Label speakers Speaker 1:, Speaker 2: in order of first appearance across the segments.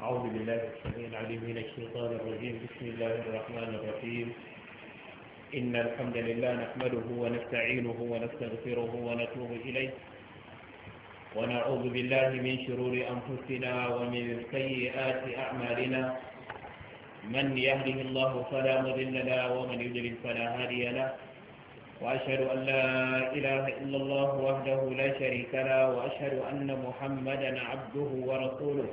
Speaker 1: أعوذ بالله السميع العليم من الشيطان الرجيم بسم الله الرحمن الرحيم إن الحمد لله نحمده ونستعينه ونستغفره ونتوب إليه ونعوذ بالله من شرور أنفسنا ومن سيئات أعمالنا من يهده الله فلا مضل له ومن يضلل فلا هادي له وأشهد أن لا إله إلا الله وحده لا شريك له وأشهد أن محمدا عبده ورسوله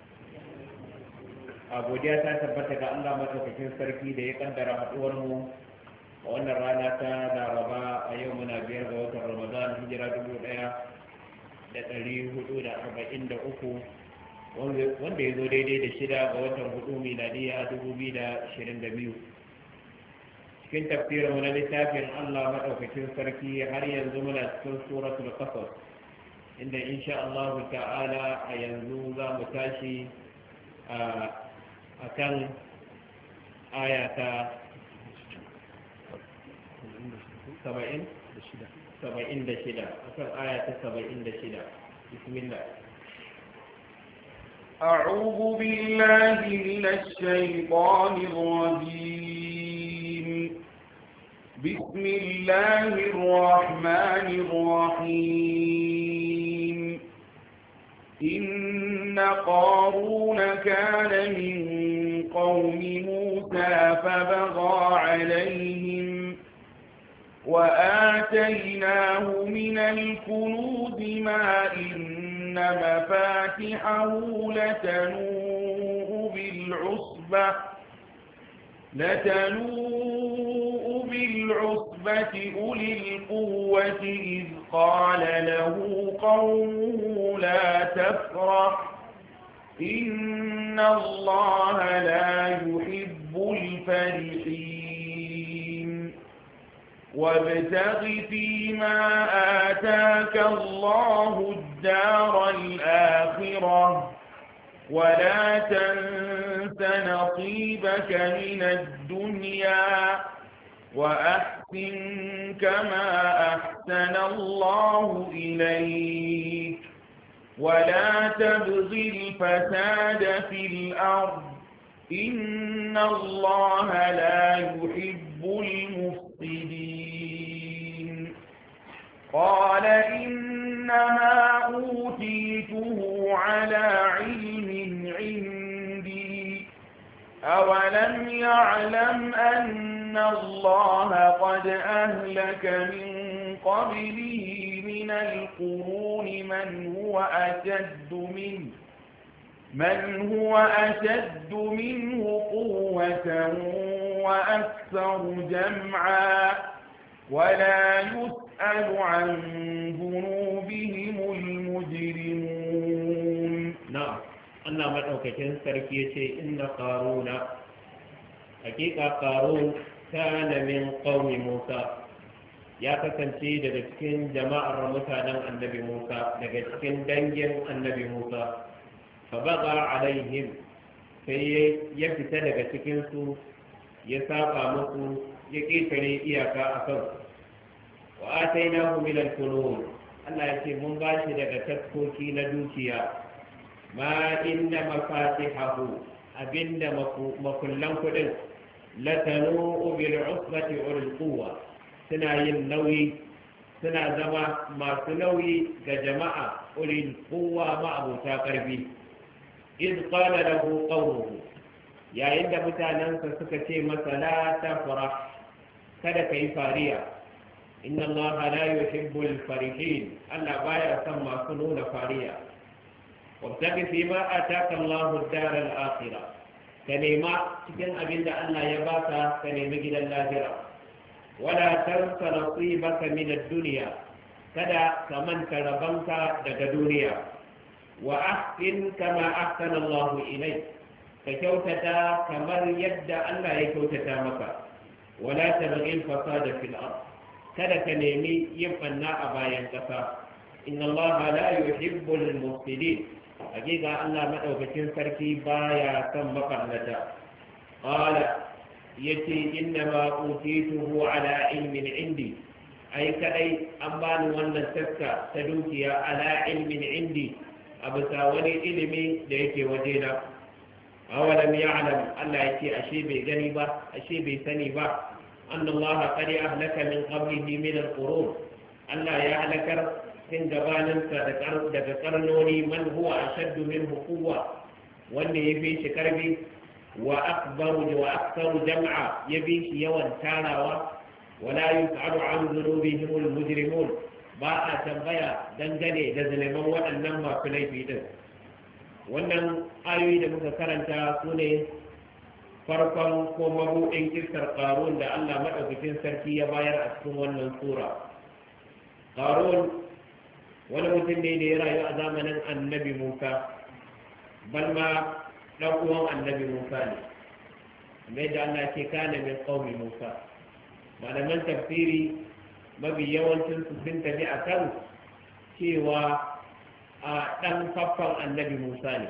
Speaker 1: a godiya ta tabbata ga Allah madaukakin sarki da ya kaddara haduwar mu a wannan rana ta laraba a yau muna biyar ga watan ramadan hijira dubu daya da dari hudu da arba'in da uku wanda ya zo daidai da shida ga watan hudu miladiya dubu biyu da ashirin da biyu cikin tafsirin na littafin Allah maɗaukacin sarki har yanzu muna cikin suratul qasas inda insha Allah ta'ala a yanzu za mu tashi a akan ayata saba'in saba'in da shida akan ayata saba'in da shida bismillah
Speaker 2: أعوذ بالله من الشيطان الرجيم بسم الله الرحمن الرحيم إن قارون كان من قوم موسى فبغى عليهم وآتيناه من الكنود ما إن مفاتحه لتنوء بالعصبة لتنوء بالعصبة أولي القوة إذ قال له قومه لا تفرح إن الله لا يحب الفرحين وابتغ فيما آتاك الله الدار الآخرة ولا تنس نصيبك من الدنيا وأحسن كما أحسن الله إليك ولا تبغ الفساد في الأرض إن الله لا يحب المفسدين قال إنما أوتيته على علم عندي أولم يعلم أن إن الله قد أهلك من قبله من القرون من هو أشد منه من هو أشد منه قوة وأكثر جمعا ولا يسأل عن ذنوبهم المجرمون نعم أنا
Speaker 1: ما أوكتن سركيتي إن قارون حقيقة قارون kana min Musa ya kasance daga cikin jama'ar mutanen annabi Musa daga cikin dangin annabi Musa fa baga alaihim sai ya fita daga cikin su ya saba musu ya ƙetare iyaka a kan wa atainahu min al-kunun Allah ya ce mun bashi daga takoki na dukiya ma inna mafatihahu abinda makullan kudin Latanu bil usbati wal quwwa suna yin nauyi suna zama masu nauyi ga jama'a ulil quwwa ma abota karfi iz qala lahu qawmuhu yayin da mutanensa suka ce masa la tafrah kada kai fariya inna allaha la yuhibbul farihin Allah baya son masu nuna fariya wabtaqi fi ma ataka Allahu ad-dar al-akhirah ka nema cikin abin da Allah ya baka ka nemi gidan lahira wala tansa nasibaka min ad-dunya kada ka manta rabanka daga duniya wa ahsin kama ahsana Allah ilayk ka kyautata kamar yadda Allah ya kyautata maka wala tabghi al-fasada fil ard kada ka nemi yin fanna a bayan kasa inna Allah la yuhibbu al-mufsidin hakika Allah madaukakin sarki baya son mafarnata qala yace inna ma utituhu ala ilmin indi ai kadai an bani wannan taska ta dukiya ala ilmin indi a bisa wani ilimi da yake wajena awalam ya'lam Allah yake ashe bai gani ba ashe bai sani ba anna Allah qad ahlaka min qablihi min al-qurun Allah ya halakar tun gabaninsa daga karnoni man huwa ashaddu minhu quwwa wanda ya fi shi wa akbaru wa jam'a ya fi shi yawan tarawa wala yus'alu an dhunubihim al-mujrimun ba a tambaya dangane da zaliman waɗannan masu laifi din wannan ayoyi da muka karanta su ne farkon ko mabuɗin kirkar ƙarun da Allah maɗaukakin sarki ya bayar a cikin wannan sura ƙarun wani mutum ne da ya rayu a zamanin annabi musa balma ɗan uwan annabi musa ne mai da allah ke kane min qaumi musa malaman tafsiri mafi yawancin su sun tafi a kan cewa a ɗan faffan annabi musa ne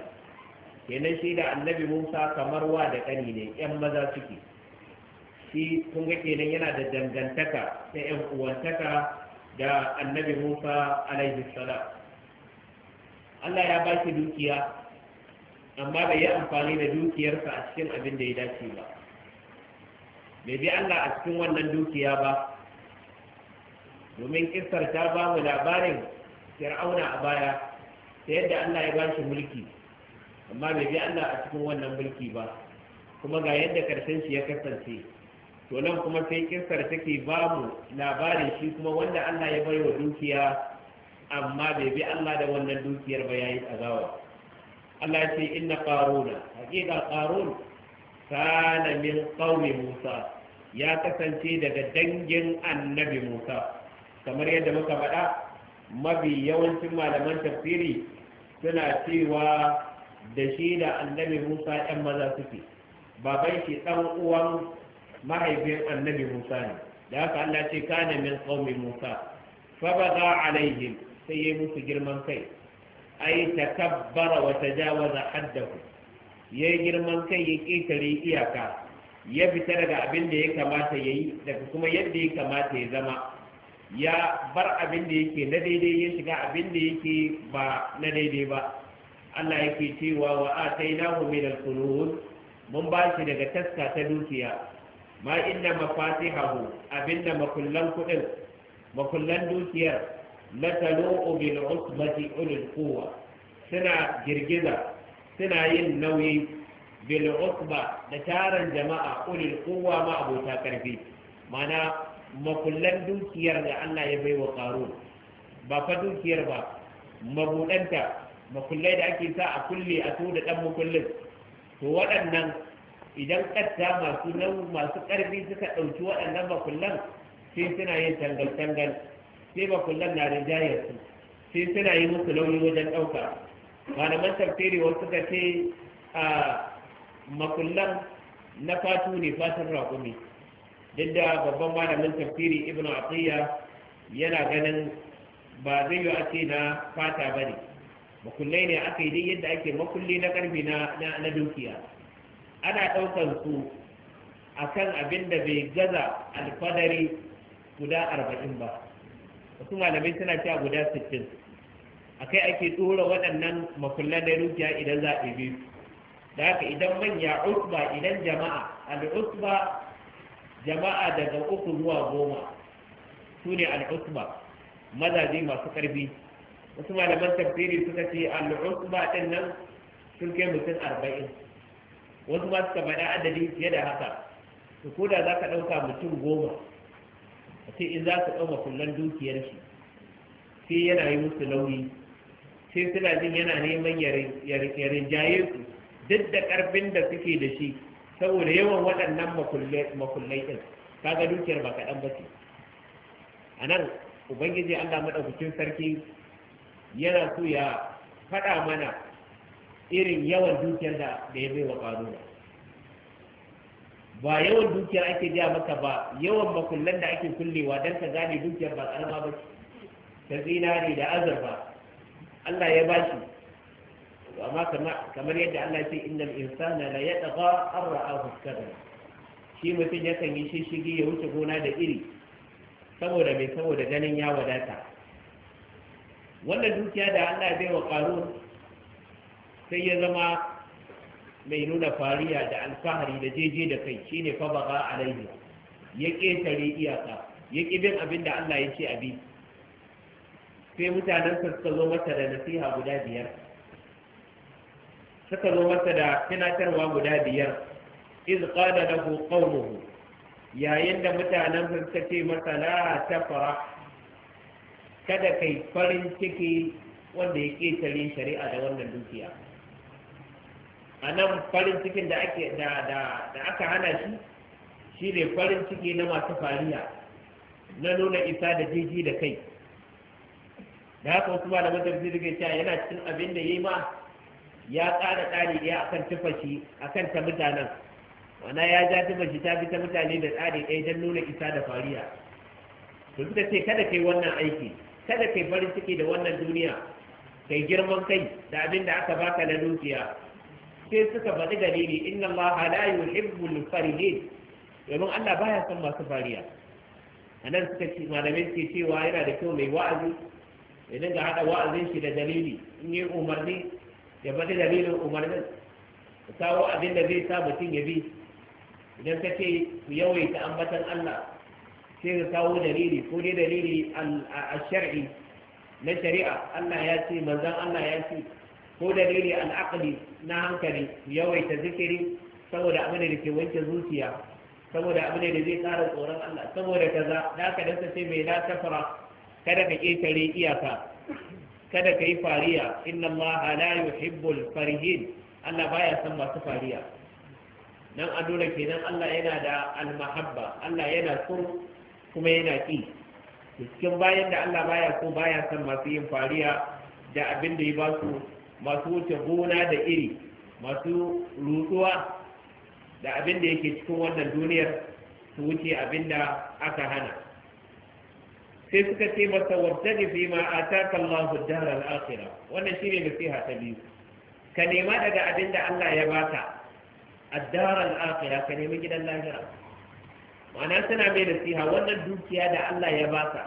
Speaker 1: kenan shi da annabi musa kamar wa da ƙani ne yan maza suke shi kun kenan yana da dangantaka ta yan uwantaka da annabi Musa alaihi salam Allah ya ba shi dukiya amma bai yi amfani da dukiyarsa a cikin abin da ya dace ba bai bi Allah a cikin wannan dukiya ba domin kisar ta ba mu labarin fir'auna a baya ta yadda Allah ya ba shi mulki amma bai bi Allah a cikin wannan mulki ba kuma ga yadda karshen shi ya kasance to nan kuma sai kisar take bamu labarin shi kuma wanda Allah ya bai wa dukiya amma bai bi Allah da wannan dukiyar ba yayi azawa Allah ce inna qaruna haqiqa qarun kana min qaumi Musa ya kasance daga dangin annabi Musa kamar yadda muka faɗa mabi yawancin malaman tafsiri suna cewa da shi da annabi Musa ɗan maza suke baban shi ɗan uwan mahaifin annabi Musa ne da haka Allah ce kana min qaumi Musa fa baga alaihim sai yi musu girman kai ai takabbara wa tajawaza haddahu yi girman kai ya ƙetare iyaka ya fita daga abin da ya kamata yayi daga kuma yadda ya kamata ya zama ya bar abin da yake na daidai ya shiga abin da yake ba na daidai ba Allah yake cewa wa atainahu min al mun ba shi daga taska ta dukiya ma inna mafatihahu abinda makullan kudin makullan dukiyar la talu'u bil usbati ulul kowa suna girgiza suna yin nauyi bil usba da taron jama'a ulul kowa ma abota karfi mana makullan dukiyar da Allah ya wa qarun ba fa dukiyar ba mabudanta makullai da ake sa a kulle a to da dan makullin to waɗannan idan ƙasa masu nan masu ƙarfi suka ɗauki waɗannan bakullan sai suna yin tangal-tangal sai bakullan na rinjayar su sai suna yi musu nauyi wajen ɗauka malaman tafsiri wasu suka ce a makullan na fatu ne fatan raƙumi duk da babban malamin tafsiri ibn atiyya yana ganin ba zai yi ake na fata ba ne makullai ne aka yi duk yadda ake makulli na ƙarfi na dukiya ana ɗaukar su kan abin da bai gaza alfadari guda arba'in ba wasu malamai suna cewa guda sittin A akai ake ɗora waɗannan makullan da rukiya idan za a bi da haka idan manya usba idan jama'a al'usba jama'a daga uku zuwa goma su ne al'usba mazaje masu ƙarfi wasu malaman tafsiri suka ce al'usba ɗin nan sun kai mutum arba'in wasu ma suka faɗa adadi fiye da haka to ko da za ka ɗauka mutum goma a ce in za ka ɗauka kullum dukiyar shi sai yana yi musu nauyi sai suna jin yana neman yarin jaye su duk da ƙarfin da suke da shi saboda yawan waɗannan makullai ɗin kaga dukiyar ba kaɗan ba ce a nan ubangiji allah maɗaukacin sarki yana so ya faɗa mana irin yawan dukiyar da da ya bai wa ƙaru. ba yawan dukiyar ake ja maka ba yawan makullan da ake kullewa don ka gane dukiyar ba ƙarama ba ta zinari da azurfa Allah ya bashi amma kamar yadda Allah ce inda insana la yatgha an ra'ahu kadara shi mutum kan yi shishigi ya wuce gona da iri saboda mai saboda ganin ya wadata wannan dukiya da Allah bai wa ƙaru. sai ya zama mai nuna fariya da alfahari da jeje da kai shine fa a alaihi ya ƙetare iyaka ya ƙi bin abin da Allah ya ce abi sai mutanen suka zo masa da nasiha guda biyar suka zo masa da tunatarwa guda biyar iz qala lahu qaumuhu yayin da mutanen suka ce mata la tafara kada kai farin ciki wanda ya ƙetare shari'a da wannan dukiya a nan farin cikin da ake da aka hana shi shi ne farin ciki na masu fariya na nuna isa da jiji da kai da haka wasu da tafsiri ke cewa yana cikin abin da yi ma ya ƙara tsari ɗaya akan tufashi akan ta mutanen wana ya ja tufashi ta bi ta mutane da tsari ɗaya don nuna isa da fariya to suka ce kada kai wannan aiki kada kai farin ciki da wannan duniya kai girman kai da abin da aka baka na dukiya sai suka faɗi dalili inna Allah la yuhibbul faridin domin Allah baya son masu fariya anan suka ce malamai suke cewa yana da kyau mai wa'azi ya dinga hada wa'azin shi da dalili in yi umarni ya faɗi dalilin umarnin ka kawo abin da zai sa mutum ya bi idan ka ce ku yawaita ambatan Allah sai ka kawo dalili ko dai dalili a shar'i na shari'a Allah ya ce manzon Allah ya ce ko dalili al'aqli na hankali yawaita zikiri saboda abin da ke wanke zuciya saboda abin da zai kara tsoron Allah saboda kaza da ka dasa sai mai la tafara kada ka ketare iyaka kada ka yi fariya inna Allah la yuhibbul farihin Allah baya son masu fariya nan a dole kenan Allah yana da almahabba Allah yana so kuma yana ki cikin bayan da Allah baya so baya son masu yin fariya da abin da ya ba su masu wuce gona da iri masu rutsuwa da abin da yake cikin wannan duniyar su wuce abin da aka hana sai suka ce masa wabtadi fi ma ataka Allahu dar al-akhirah wannan shine nasiha ta biyu ka nema daga abin da Allah ya baka a dar al-akhirah ka nemi gidan lahira ma'ana suna mai nasiha wannan dukiya da Allah ya baka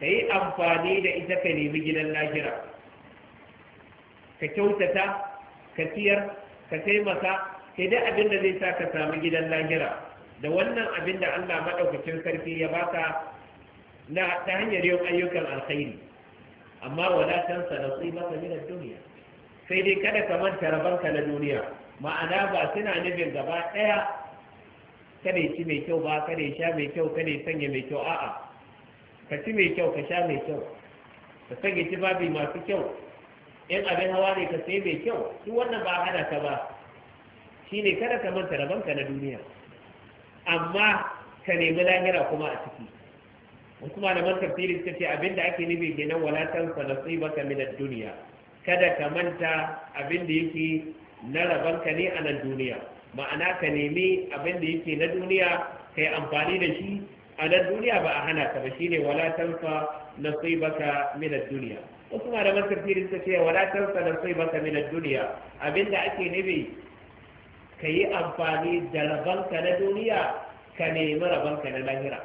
Speaker 1: ka yi amfani da ita ka nemi gidan lahira ka kyautata ka siyar ka taimaka sai dai abin da zai sa ka samu gidan lahira da wannan abin da Allah maɗaukacin sarki ya baka na ta hanyar yin ayyukan alkhairi amma wala tansa nasibaka min ad-dunya sai dai kada ka manta rabanka na duniya ma'ana ba suna nufin gaba ɗaya kada ya ci mai kyau ba kada ya sha mai kyau kada ya sanya mai kyau a'a ka ci mai kyau ka sha mai kyau ka sanya ci babi masu kyau in abin hawa ne ka sai mai kyau shi wannan ba hana ka ba Shi ne, kada ka manta banka na duniya amma ka nemi lahira kuma a ciki wasu malaman tafsiri suka ce abinda ake nufi kenan wala tansa nasibaka min minar duniya kada ka manta abinda yake na ka ne a nan duniya ma'ana ka nemi abinda yake na duniya ka yi amfani da shi a nan duniya ba a hana ka ba Shi shine wala tansa nasibaka min minar duniya wasu malaman tafsiri suka ce wala tansa nasai baka min ad-dunya abinda ake nufi kayi amfani da rabanka na duniya ka nemi rabanka na lahira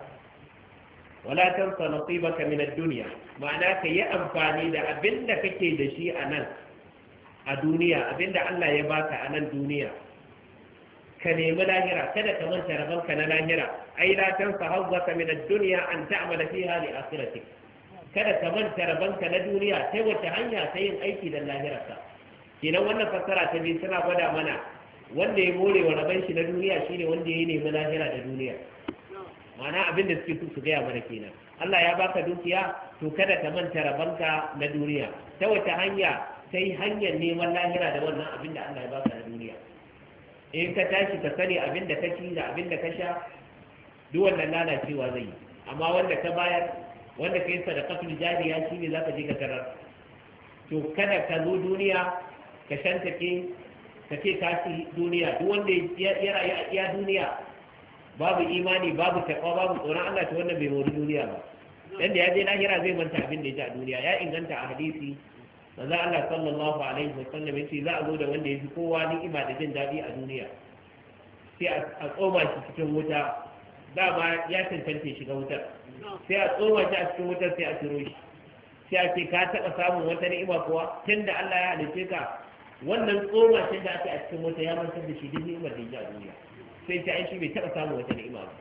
Speaker 1: wala tansa nasibaka min ad-dunya ma'ana kayi amfani da abinda kake da shi a nan a duniya abinda Allah ya baka a nan duniya ka nemi lahira kada ka manta rabanka na lahira ai la tansa hazzaka min ad-dunya an ta'mala fiha li akhiratik kada ka manta rabanka na duniya sai wata hanya ta yin aiki da lahirarka kenan wannan fassara ta biyu suna gwada mana wanda ya more wa raban shi na duniya shine wanda ya nemi lahira da duniya ma'ana abin da suke su gaya mana kenan Allah ya baka dukiya to kada ka manta rabanka na duniya ta wata hanya sai hanyar neman lahira da wannan abin da Allah ya baka na duniya in ka tashi ka sani abin da ka ci da abin da ka sha duk wannan lalacewa zai yi amma wanda ka bayar wanda kai sadaqatul jariya shine zaka je ka tarar to kada ka zo duniya ka shantake ka ce ka duniya duk wanda ya rayu a duniya babu imani babu takwa babu tsoron Allah ta wannan bai mori duniya ba dan da ya je lahira zai manta abin da ya a duniya ya inganta a hadisi manzo Allah sallallahu alaihi wa sallam yace za a zo da wanda yafi kowa ni'ima da jin daɗi a duniya sai a tsoma shi cikin wuta ba ya tantance shiga wutar sai a tsohon shi a cikin wutar sai a turo shi sai a ce ka taɓa samun wata ni'ima kuwa tun da Allah ya halice ka wannan tsohon shi da aka a cikin wuta ya mantar da shi duk ni'imar da ya a duniya sai ta shi bai taɓa samun wata ni'ima ba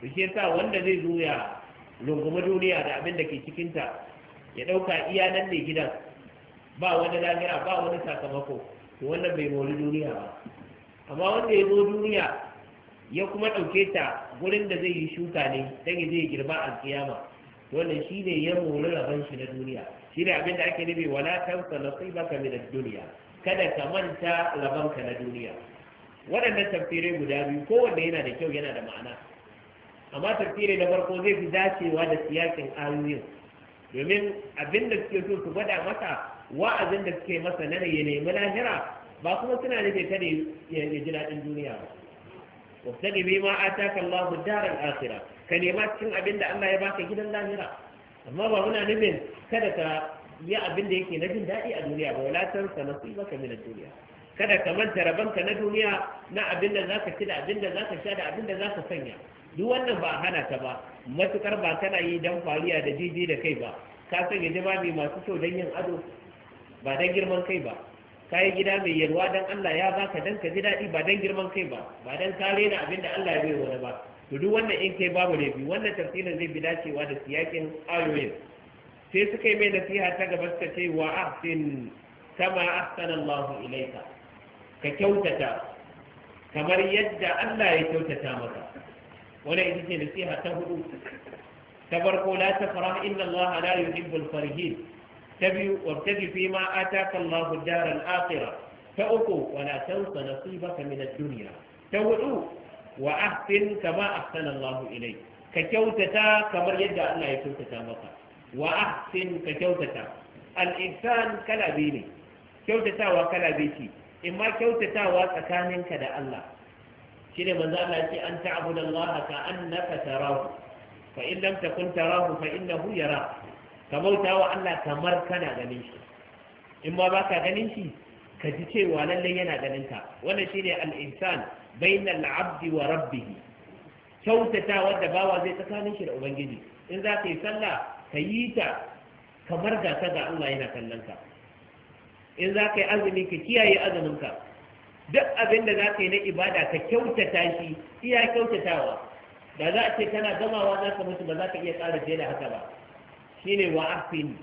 Speaker 1: to shi yasa wanda zai zo ya rungumi duniya da abin da ke cikinta ya ɗauka iya nan ne gidan ba wani lagira ba wani sakamako to wannan bai mori duniya ba amma wanda ya zo duniya ya kuma ɗauke ta gurin da zai yi shuka ne don ya zai girma a kiyama wannan shi ne ya mori rabon shi na duniya shi ne abin da ake nufi wala tansa baka min da duniya kada ka manta rabon ka na duniya waɗannan tafsirai guda biyu kowanne yana da kyau yana da ma'ana amma tafsirai na farko zai fi dacewa da siyasin ayoyin domin abin da suke so su gwada masa wa'azin da suke masa na ya nemi lahira ba kuma suna nufin kada ya ji daɗin duniya ba Wasu bi ma ataka Allah daral akira ka nema cikin abin da Allah ya baka gidan lahira amma ba muna nufin kada ka yi abin da yake na jin daɗi a duniya ba wala tansa nasibaka min na duniya. kada ka manta rabanka na duniya na abin da ka ci da abin da zaka sha da abin da zaka sanya duk wannan ba hana ta ba matukar ba kana yi dan fariya da jiji da kai ba ka sanya jawabi masu kyau dan yin ado ba dan girman kai ba kayi gida mai yalwa dan Allah ya baka dan ka ji daɗi ba dan girman kai ba ba dan ka rena abin da Allah ya bai wani ba to duk wannan in kai babu laifi wannan tafsirin zai bi dacewa da siyakin ayoyin sai suka yi mai nasiha ta gaba suka ce wa ahsin kama ahsana Allah ilaika ka kyautata kamar yadda Allah ya kyautata maka wannan ita ce nasiha ta hudu ta farko la tafrah inna Allah la yuhibbul farihin ta biyu wabtaji fi ma ataka Allahu daral akhirah ta uku wala tansa nasibaka min ad-dunya ta hudu wa ahsin kama ahsana Allahu ilayk ka kyautata kamar yadda Allah ya kyautata maka wa ahsin ka kyautata al-ihsan ne kyautatawa kala biyu ce in ma kyautatawa tsakaninka da Allah shi ne manzo ce an ta'budu Allah ka annaka tarahu fa in tarahu fa ka bauta wa Allah kamar kana ganin shi in ma baka ganin shi ka ji cewa lallai yana ganin ka wannan shine al'insan insan bainal la'abdi wa rabbih kyautata wanda bawa zai tsakanin shi da ubangiji in za ka yi sallah ka yi ta kamar ga ka ga Allah yana kallon ka in za ka yi azumi ka kiyaye azumin ka duk abin da za ka yi na ibada ka kyautata shi iya kyautatawa da za a ce kana gamawa za ka mutu ba za ka iya ƙara je da haka ba shine wa ahsin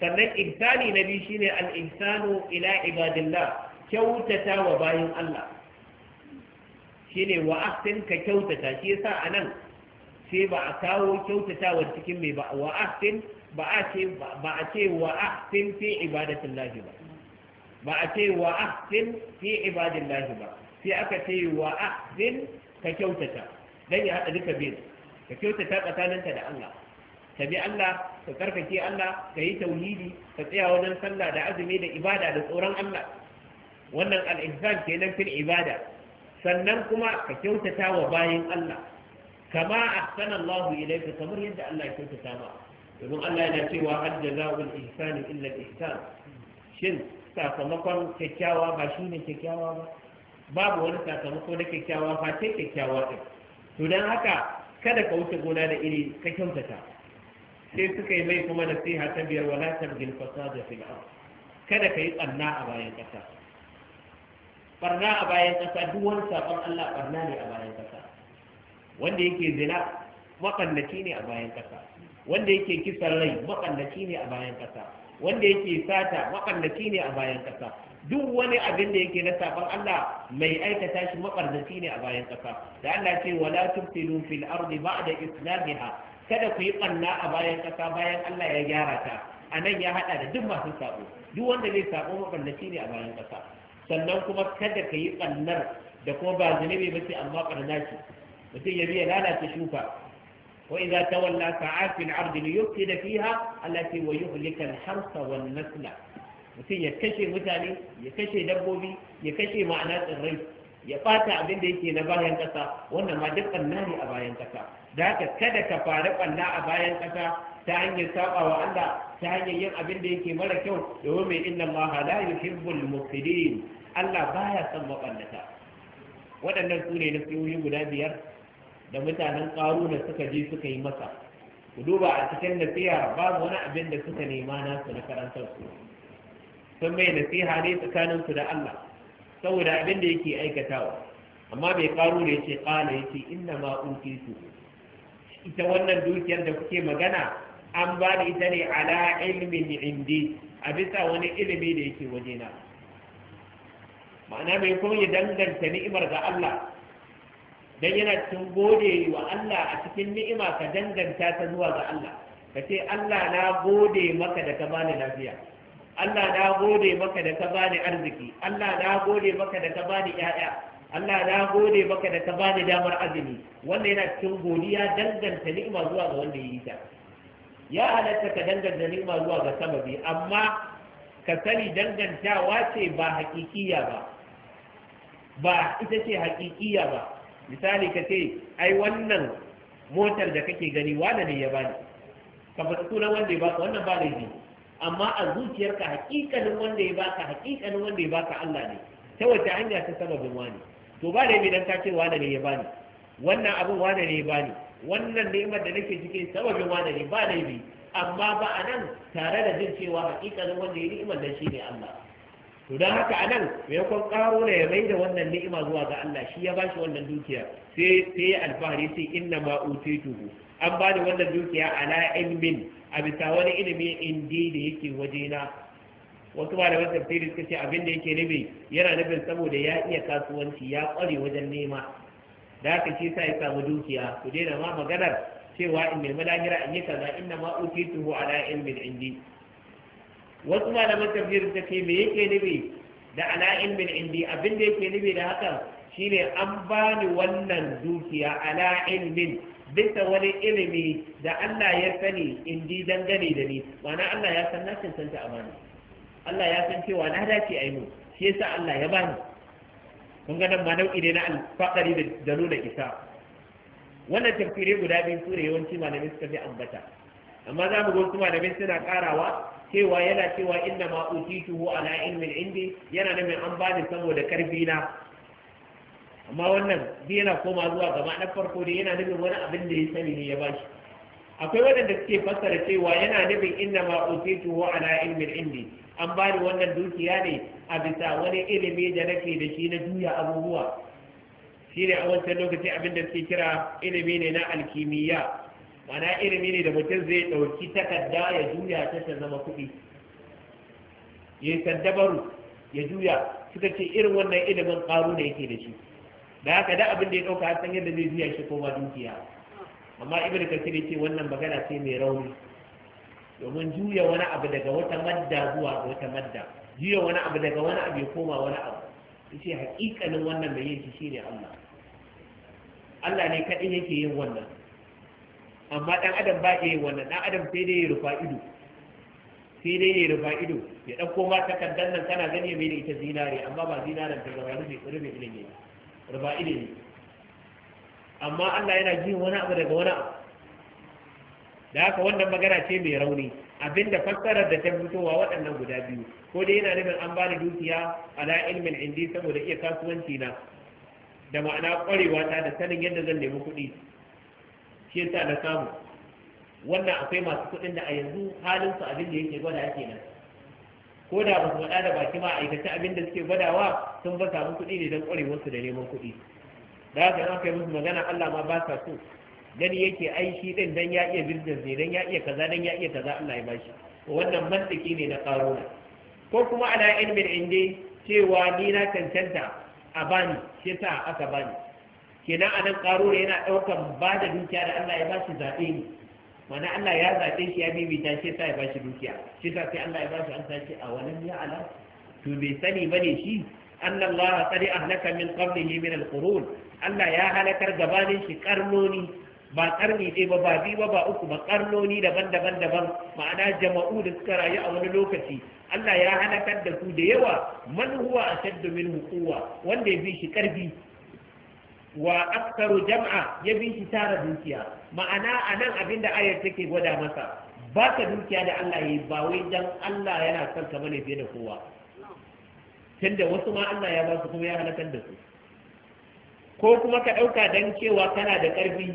Speaker 1: sannan ihsani na biyu shine al ihsanu ila ibadillah kyautata wa bayin Allah shine wa ahsin ka kyautata shi yasa anan sai ba a kawo kyautatawar cikin mai ba wa ahsin ba a ce ba a ce wa ahsin fi ibadatillahi ba ba a ce wa ahsin fi ibadillahi ba sai aka ce wa ahsin ka kyautata dan ya haɗa duka biyu ka kyautata tsakaninta da Allah ka bi Allah ka karkace Allah ka yi tauhidi ka tsaya wajen sallah da azumi da ibada da tsoron Allah wannan al-ihsan kenan fil ibada sannan kuma ka kyautata wa bayin Allah kama ahsana Allah ilayka kamar yadda Allah ya kyautata ma domin Allah yana cewa hal jazaa'ul ihsani illa al-ihsan shin sakamakon kyakkyawa ba shi ne kyakkyawa ba babu wani sakamako na kyakkyawa face kyakkyawa ɗin to don haka kada ka wuce gona da iri ka kyautata sai suka yi mai kuma nasiha ta biyar wala tabgil fasada fil ard kada kai tsanna a bayan kasa barna a bayan kasa duk wani sabon Allah barna ne a bayan kasa wanda yake zina makannaci ne a bayan kasa wanda yake kisan rai makannaci ne a bayan kasa wanda yake sata makannaci ne a bayan kasa duk wani abin da yake na sabon Allah mai aikata shi makarnaci ne a bayan kasa da Allah ce wala tufsidu fil ardi ba'da islahiha kada ku yi ɓanna a bayan ƙasa bayan Allah ya gyara ta a nan ya haɗa da duk masu sabo duk wanda zai sabo maɓannaci ne a bayan ƙasa sannan kuma kada ka yi ɓannar da kuma ba zunubi ba sai amma ɓarna ce mutum ya biya lalata shuka wa idza tawalla sa'a fil ardi li fiha allati wa yuhlika al-harsa wan nasla mutum ya kashe mutane ya kashe dabbobi ya kashe ma'ana tsirrai ya fata abin da yake na bayan ƙasa, wannan ma duk ne a bayan ƙasa da haka kada ka fara ɓanna a bayan ƙasa ta hanyar saba wa Allah ta hanyar yin abin da yake mara kyau domin inna Allah la yuhibbul mufsidin Allah baya son maɓallata. waɗannan su ne nasihohi guda biyar da mutanen ƙaruna suka je suka yi masa ku duba a cikin nasiha babu wani abin da suka nema nasu na karantar su sun mai nasiha ne tsakaninsu da Allah saboda abin da yake aikatawa amma bai ƙaru da yace kala yace inna ma utitu ita wannan dukiyar da kuke magana an ba da ita ne ala ilmin indi a bisa wani ilimi da yake waje na ma'ana mai kuma ya danganta ni'imar ga Allah dan yana cikin gode wa Allah a cikin ni'ima ka danganta ta zuwa ga Allah ka ce Allah na gode maka da ka bani lafiya Allah na gode maka da ka bani arziki Allah na gode maka da ka bani 'ya'ya. Allah na gode maka da ka bani damar azumi wanda yana cikin godiya danganta ni'ima zuwa ga wanda ya yi ta ya halatta ka danganta ni'ima zuwa ga sababi amma ka sani dangantawa ce ba hakikiya ba ba ita ce hakikiya ba misali ka ce ai wannan motar da kake gani wanda ne ya bani ka faɗi sunan wanda ya wannan ba laifi amma a zuciyarka hakikalin wanda ya baka hakikalin wanda ya baka Allah ne ta wace hanya ta sababin wani to ba da idan ka ce wani ne ya bani wannan abin wani ne ya bani wannan ni'imar da nake cike sababin wani ne ba laifi amma ba a nan tare da jin cewa hakikalin wanda ya ni'imar shi ne Allah to don haka a nan maimakon karo ne ya mai da wannan ni'ima zuwa ga Allah shi ya bashi wannan dukiya sai sai alfahari sai inna ma utituhu an bani wannan dukiya ala ilmin a bisa wani ilimi indi da yake wajena wasu malaman tafsiri suka ce abin da yake nufi yana nufin saboda ya iya kasuwanci ya kware wajen nema da haka shi sa ya samu dukiya ku daina ma maganar cewa in nemi lahira in yi kaza inna ma utituhu ala ilmin indi wasu malaman tafsiri suka ce me yake nufi da ala ilmin indi abin da yake nufi da haka shine an bani wannan dukiya ala ilmin bisa wani ilimi da Allah ya sani in ji dangane da ni ma'ana Allah ya san na cancanta a Allah ya san cewa na dace a yi mu shi yasa Allah ya bani kun ga nan ma nau'i ne na alfakari da nuna isa wannan tafsirai guda biyu su ne yawanci malamai suka fi ambata amma za mu ga wasu malamai suna karawa cewa yana cewa inna ma utituhu ala ilmin indi yana nan an bani saboda karfi na amma wannan zai yana koma zuwa gaba na farko dai yana nufin wani abin da ya sani ne ya bashi akwai waɗanda suke fassara cewa yana nufin inna ma utitu wa ala ilmin indi an bani wannan dukiya ne a bisa wani ilimi da nake da shi na juya abubuwa shine a wancan lokaci abin da suke kira ilimi ne na alkimiyya mana ilimi ne da mutum zai ɗauki takarda ya juya ta ta zama kuɗi ya yi ya juya suka ce irin wannan ilimin ƙaru da yake da shi da haka da abin da ya ɗauka san yadda zai biya shi koma dukiya amma ibn kasir ce wannan magana ce mai rauni domin juya wani abu daga wata madda zuwa wata madda juya wani abu daga wani abu ya koma wani abu yace hakikanin wannan mai yin shi shine Allah Allah ne kaɗai yake yin wannan amma ɗan adam ba ya yi wannan ɗan adam sai dai ya rufa ido sai dai ya rufa ido ya ɗauko ma takardar nan kana gani mai da ita zinare amma ba zinaren ta gaba rufe rufe ne raba ilimi amma Allah yana jin wani abu daga wani abu da haka wannan magana ce mai rauni abinda fassarar da ta fitowa waɗannan guda biyu ko dai yana nufin an bani dukiya ala ilmin indi saboda iya kasuwanci na da ma'ana ƙwarewa ta da sanin yadda zan nemi kuɗi shi yasa na samu wannan akwai masu kuɗin da a yanzu halin su abin yake gwada nan. ko da ba su faɗa da baki ma aikace abin da suke gwadawa sun ba samu kuɗi ne don su da neman kuɗi da haka aka yi musu magana Allah ma ba sa so gani yake ai shi din dan ya iya business ne dan ya iya kaza dan ya iya kaza Allah ya bashi wannan mantiki ne na karuna ko kuma ala ilmin inde cewa ni na cancanta a bani shi a aka bani kenan anan ne yana daukan ba da dukiya da Allah ya bashi zaɓe ne wani Allah ya zaɓe shi ya bibita shi sa ya bashi dukiya shi sa sai Allah ya bashi an sace a wani ya ala to bai sani bane shi anna Allah qad ahlaka min qablihi min al Allah ya halakar gabanin shi karnoni ba karni ɗaya ba ba biyu ba ba uku ba karnoni daban-daban daban ma'ana jama'u da suka rayu a wani lokaci Allah ya halakar da su da yawa man huwa ashaddu wanda ya fi shi ƙarfi. wa aktaru jam'a ya bi shi tara dukiya ma'ana a nan abinda ayar take gwada masa ba ka dukiya da Allah yi ba wai dan Allah yana son ka bane fiye da kowa tunda wasu ma Allah ya ba su kuma ya halakar da su ko kuma ka ɗauka dan cewa kana da karfi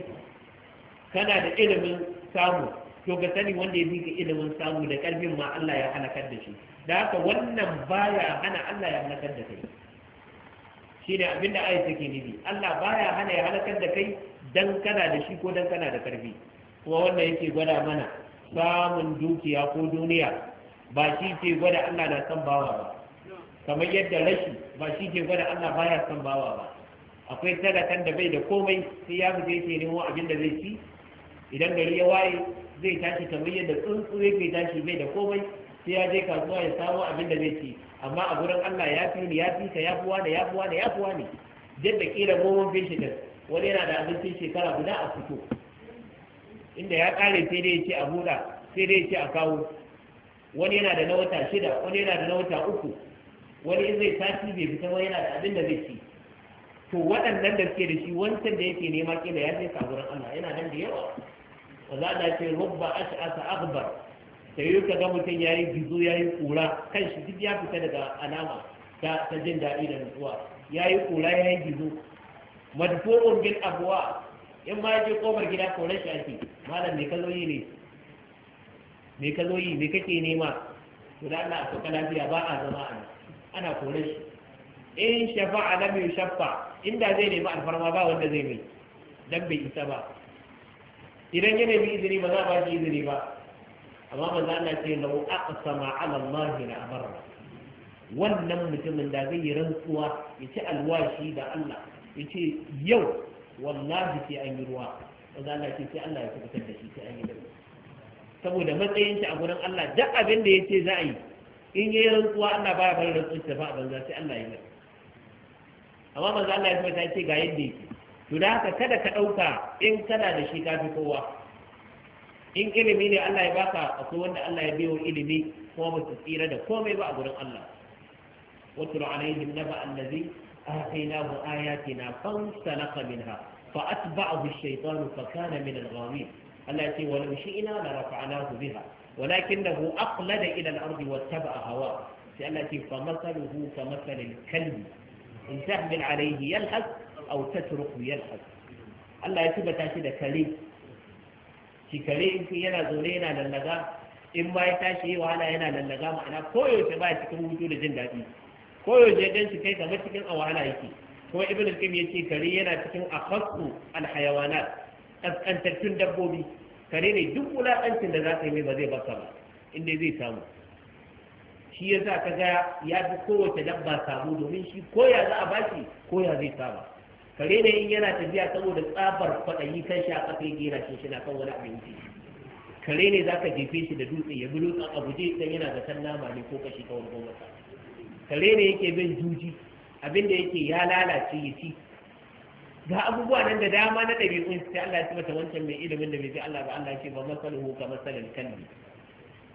Speaker 1: kana da ilimin samu to ga sani wanda ya bi ka ilimin samu da ƙarfin ma Allah ya halakar da shi da haka wannan baya hana Allah ya halakar da kai ne abin da ayat take nufi Allah baya hana ya halakar da kai dan kana da shi ko dan kana da karfi kuma wanda yake gwada mana samun dukiya ko duniya ba shi ke gwada Allah na san bawa ba kamar yadda rashi ba shi ke gwada Allah baya san bawa ba akwai talakan da bai da komai sai ya fita yake nemo abin da zai ci idan gari ya waye zai tashi kamar yadda tsuntsu yake tashi bai da komai sai ya je kasuwa ya samo abin da zai ci amma a gurin Allah ya fi ni ya fi ka ya fi wani ya fi wani ya fi wani jadda kila gomon bin shi wani yana da abincin shekara guda a fito inda ya kare sai dai ya ce a buɗa sai dai ya ce a kawo wani yana da na wata shida wani yana da na wata uku wani in zai tashi bai fita wani yana da abin da zai ci to waɗannan da suke da shi wancan da yake nema kila ya je ka gurin Allah yana nan da yawa wa za a ce rubba ash'asa akhbar ta yi ka ga mutum ya yi gizo ya yi kura kan shi duk ya fita daga alama ta jin daɗi da nutsuwa ya yi kura ya yi gizo madfu'un bil abuwa in ma je kofar gida koran shi ake malam me kaloyi yi ne me ka yi me kake nema to da Allah ka lafiya ba a zama ana ana koran shi in shafa'a lam yushaffa inda zai nemi alfarma ba wanda zai mai dan bai isa ba idan ya nemi izini ba za a ba shi izini ba amma manzo Allah ce lau sama ala Allah na abarra wannan mutumin da zai yi rantsuwa ya ci alwashi da Allah ya ce yau wallahi sai an yi ruwa manzo Allah ce sai Allah ya kubutar da shi sai an yi ruwa saboda matsayin shi a gurin Allah duk abin da ce za a yi in yi rantsuwa Allah baya bar rantsuwa ta ba banza sai Allah ya yi amma manzo Allah ya ce ga yadda yake to da haka kada ka dauka in kana da shi kafi kowa in ilimi ne Allah ya baka akwai wanda Allah ya biyo ilimi ko ba su tsira da komai ba a gurin Allah watul alaihim naba allazi atainahu ayatina fansalaka minha fa atba'ahu ash-shaytanu fa kana min al-ghawin Allah ya ce walau shi'na la rafa'nahu biha walakinahu aqlada ila al-ardi wattaba'a hawa sai Allah ya ce fa masaluhu ka masalil kalbi in tahmil alayhi yalhas aw tatruku yalhas Allah ya tubata shi da kare shi kare in yana zaune yana lallaga in ba ya tashi yi wahala yana lallaga ma'ana koyaushe ba cikin hutu da jin daɗi koyaushe dan shi kai kamar cikin a wahala yake kuma ibn al ya ce kare yana cikin akhasu al-hayawanat kaskantattun dabbobi kare ne duk wulaƙancin da za ka yi mai ba zai baka ba inda zai samu shi ya sa ka ga ya fi kowace dabba samu domin shi koya za a bashi koya zai saba kare ne in yana tafiya saboda tsabar kwaɗayi kan shi a ƙasa yake yana shi na kan wani abinci kare ne za ka jefe shi da dutse ya bi dutsen a je dan yana zaton nama ne ko kashi ka wani gwamnati kare ne yake bin juji abinda yake ya lalace ya ci ga abubuwa nan da dama na ɗabi'un sai Allah ya tabbata wancan mai ilimin da bai bi Allah ba Allah ya ce ba masaluhu ka masalin kalbi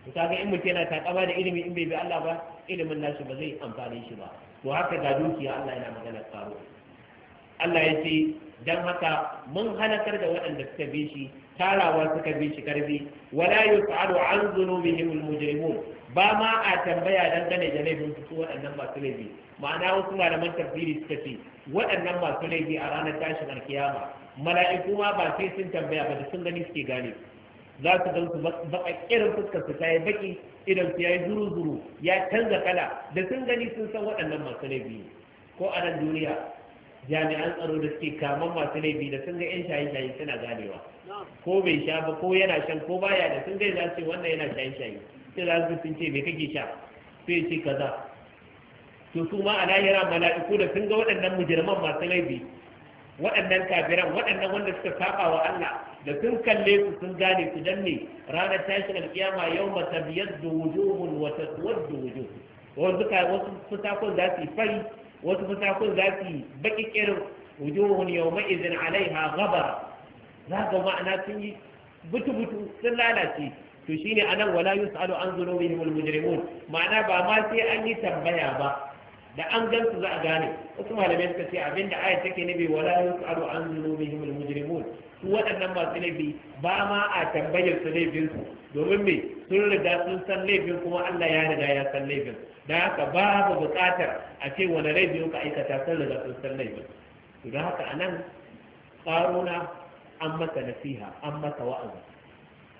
Speaker 1: to kaga in mutum yana takama da ilimi in bai bi Allah ba ilimin nashi ba zai amfane shi ba to haka ga dukiya Allah yana magana tsaro Allah ya ce dan haka mun halakar da waɗanda suka bi shi tarawa suka bi shi karfi wala yus'alu an dhunubihim al-mujrimun ba ma a tambaya gane da laifin su waɗannan masu laifi ma'ana wasu malaman tafsiri suka ce waɗannan masu laifi a ranar tashin alkiyama mala'iku ma ba sai sun tambaya ba da sun gani suke gane za su gan su baka irin fuskar su yi baki idan su yayi zuru zuru ya canza kala da sun gani sun san waɗannan masu laifi ko a nan duniya jami'an tsaro da suke kaman masu laifi da sun ga yan shayin shayi suna ganewa ko bai sha ba ko yana shan ko baya da sun ga za su ce wannan yana shayin shayi sai za su sun ce me kake sha sai ce kaza to su ma a lahira mala'iku da sun ga waɗannan mujirman masu laifi waɗannan kafiran waɗannan wanda suka saba wa Allah da sun kalle su sun gane su danne ranar tashin alkiyama yau matabiyar da wujuhun wata tuwar da wujuhun wasu fitakon za su yi fari wasu fasakun za su yi baki kirin wujuhun yawma izin alaiha gabara za ga ma'ana sun yi butu-butu sun lalace to shine anan wala yus'alu an dhunubihim al-mujrimun ma'ana ba ma sai an yi tambaya ba da an gansu za a gane wasu malamai suka ce abinda aya take nabi wala yus'alu an dhunubihim al-mujrimun su waɗannan masu laifi ba ma a tambayar su laifin su domin me sun riga sun san laifin kuma Allah ya riga ya san laifin da haka babu bukatar a ce wani rai biyu ka aikata sun riga sun san laifi to don haka a nan ƙaruna an masa nasiha an masa wa'azi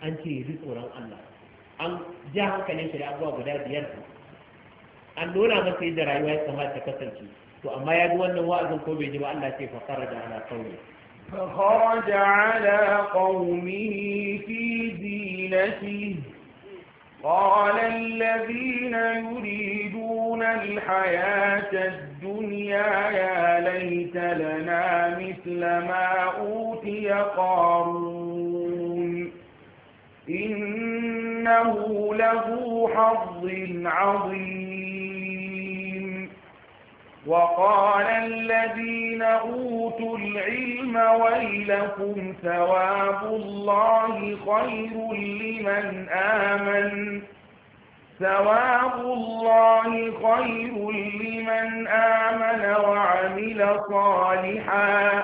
Speaker 1: an ce yi tsoron Allah an ja hankalin shi da abubuwa guda biyar an nuna masa da rayuwa ya kamata ta kasance to amma ya ji wannan wa'azin ko bai ji ba Allah ce fasara da ala qawmi
Speaker 2: فخرج على قومه في fi قال الذين يريدون الحياة الدنيا يا ليت لنا مثل ما أوتي قارون إنه له حظ عظيم وقال الذين أوتوا العلم ويلكم ثواب الله خير لمن آمن ثواب الله خير لمن آمن وعمل صالحا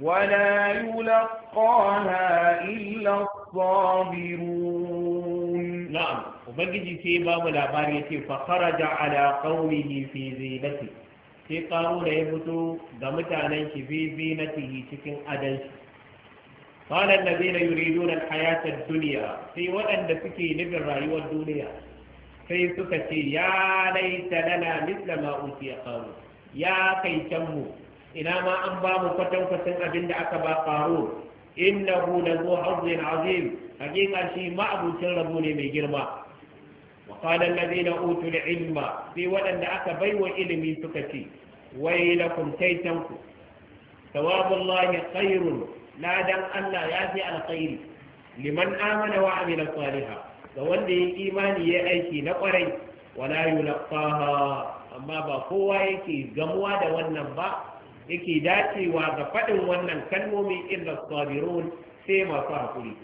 Speaker 2: ولا يلقاها إلا الصابرون نعم وبنجي في
Speaker 1: باب الأبار يتي فخرج على قومه في زينته sai ƙaro da ya fito ga mutanen shi be-bi na tihi cikin adanci kwanan da zai na yurido na hayatar duniya sai waɗanda suke nufin rayuwar duniya sai suka ce ya laita lana misla ma utiya ƙaru. ya kai can mu ina ma an ba mu kwatan kwatan abin da aka ba qaru innahu la zu hazin azim hakika shi ma'abucin rabo ne mai girma قال الذين أوتوا العلم في ولن أكبي وإلمي سكتي ويلكم تيتنكم ثواب الله خير لا Na dan Allah ya fi خير liman amana wa amila saliha ga wanda ya imani ya aiki na kwarai wala yulqaha amma ba kowa yake gamuwa da wannan ba yake dacewa ga faɗin wannan kalmomi illa sabirun sai masu hakuri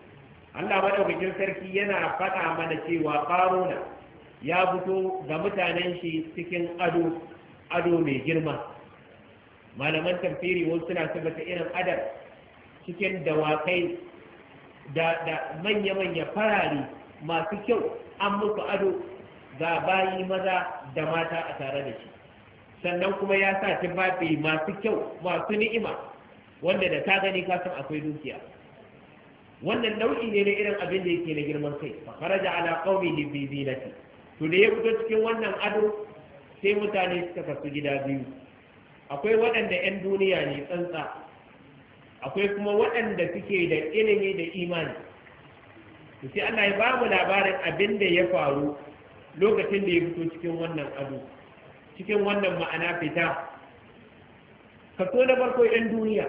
Speaker 1: Allah madaukakin sarki yana faɗa mana cewa qaruna ya fito ga mutanen shi cikin ado ado mai girma malaman tafsiri wasu suna sabata irin adar cikin dawakai da manya-manya farari masu kyau an musu ado ga bayi maza da mata a tare da shi sannan kuma ya sa tufafi masu kyau masu ni'ima wanda da ta gani kasan akwai dukiya wannan nau'i ne na irin abin da yake na girman kai fa kharaja ala qaumi li bi zinati to da ya fito cikin wannan ado sai mutane suka kasu gida biyu akwai waɗanda 'yan duniya ne tsantsa akwai kuma waɗanda suke da ilimi da imani to sai Allah ya ba mu labarin abin da ya faru lokacin da ya fito cikin wannan ado cikin wannan ma'ana fita kaso na farko 'yan duniya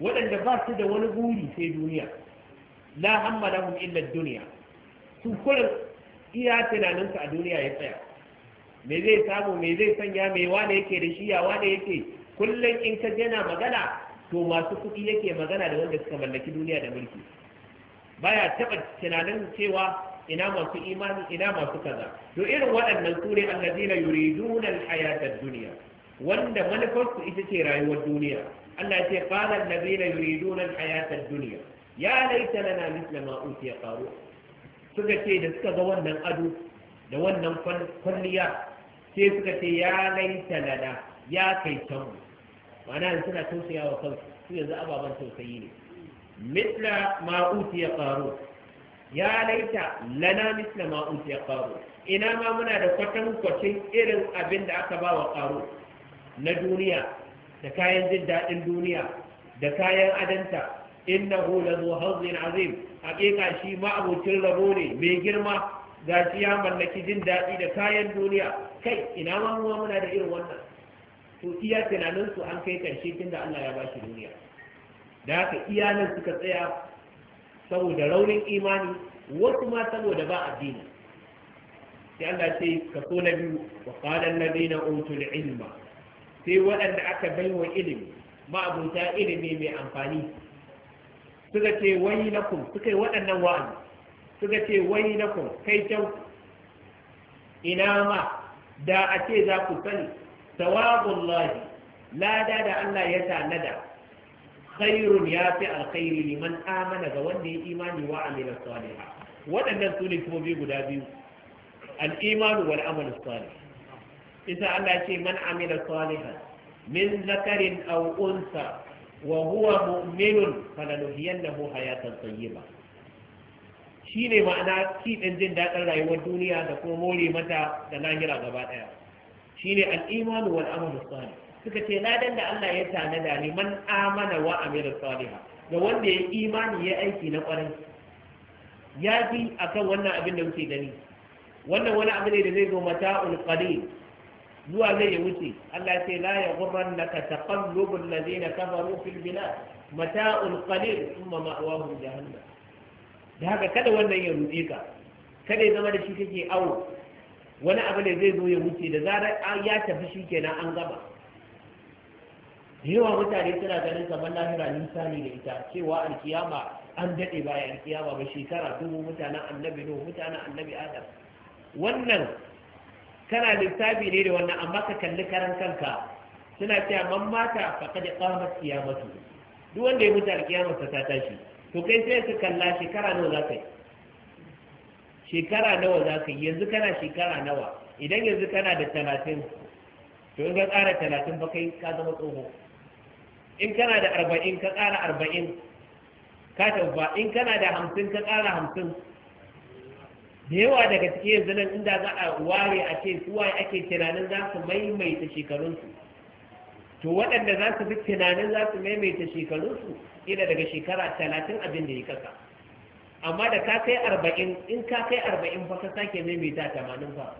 Speaker 1: waɗanda ba su da wani buri sai duniya la hamma lahum illa duniya su kullum iya tunaninsa a duniya ya tsaya me zai samu me zai sanya me wane yake da shi ya wane yake kullum in ka jana magana to masu kuɗi yake magana da wanda suka mallaki duniya da mulki baya taɓa tunanin cewa ina masu imani ina masu kaza to irin waɗannan su ne allazina yuriduna alhayata dunya wanda manufarsu ita ce rayuwar duniya Allah ya ce qala allazina yuriduna alhayata dunya ya laita lana mithla ma utiya qaru suka ce da suka ga wannan ado da wannan kwalliya sai suka ce ya laita lada, ya kai can ma'ana suna tausaya wa kansu su yanzu ababen tausayi ne mitla ma'uti ya faru ya laita lana mitla ma'uti ya faru ina ma muna da kwatan kwacin irin abin da aka ba wa faru na duniya da kayan jin daɗin duniya da kayan adanta innahu lazu hazzin azim haƙiƙa shi ma abocin rabo ne mai girma ga shi ya mallaki jin daɗi da kayan duniya kai ina ma ruwa muna da irin wannan to iya tunanin su an kai tun da Allah ya ba shi duniya da haka iyalan suka tsaya saboda raunin imani wasu ma saboda ba addini sai Allah ce kaso na biyu wa qala alladhina utul ilma sai waɗanda aka baiwa ilimi ma'abuta ilimi mai amfani suka ce wai lakum suka yi waɗannan wa'azi suka ce wai na kun kai kyau ina ma da a ce za ku sani sawabullahi lada da Allah ya tanada khairun ya fi alkhairi liman amana ga wanda ya imani wa amila salihah waɗannan su ne kuma guda biyu al-imanu wal amalu salih isa Allah ce man amila salihan min zakarin aw unsa wa huwa mu'minun falanuhiyannahu hayatan tayyiba shine ma'ana ki din jin daɗin rayuwar duniya da kuma more mata da lahira gaba daya shine al-iman wal amal salih suka ce ladan da Allah ya tanada liman amana wa amila salihah ga wanda ya imani ya aiki na kwarai ya fi akan wannan abin da muke gani wannan wani abu ne da zai zo mata'ul qalil zuwa zai ya wuce Allah sai la ya gurran na ka taqallubul ladina kafaru fil bilad mata'ul qalil thumma ma'wahum jahannam da haka kada wannan ya rufe ka kada ya zama da shi kake awo wani abu ne zai zo ya wuce da zarar ya tafi shi kenan an gaba yawa mutane suna ganin kamar lahira nisa da ita cewa alkiyama an daɗe bayan alkiyama ba shekara dubu mutanen annabi no mutanen annabi adam wannan kana lissafi ne da wannan amma ka kalli karan kanka suna cewa man mata fa kada qamat kiyamatu duk wanda ya mutu alkiyamar ta tashi to kai sai ka kalla shekara nawa za ka yi shekara nawa za ka yi yanzu kana shekara nawa idan yanzu kana da talatin to in ka tsara talatin ba kai ka zama tsoho in kana da arba'in ka tsara arba'in ka tabba in kana da hamsin ka tsara hamsin da yawa daga cikin yanzu nan inda za a ware a ce waye ake tunanin za su maimaita shekarunsu to waɗanda za su bi tunanin za su maimaita shekarunsu ina daga shekara talatin abin da ya kasa amma da ka kai arba'in in ka kai arba'in fa ka sake maimaita tamanin fa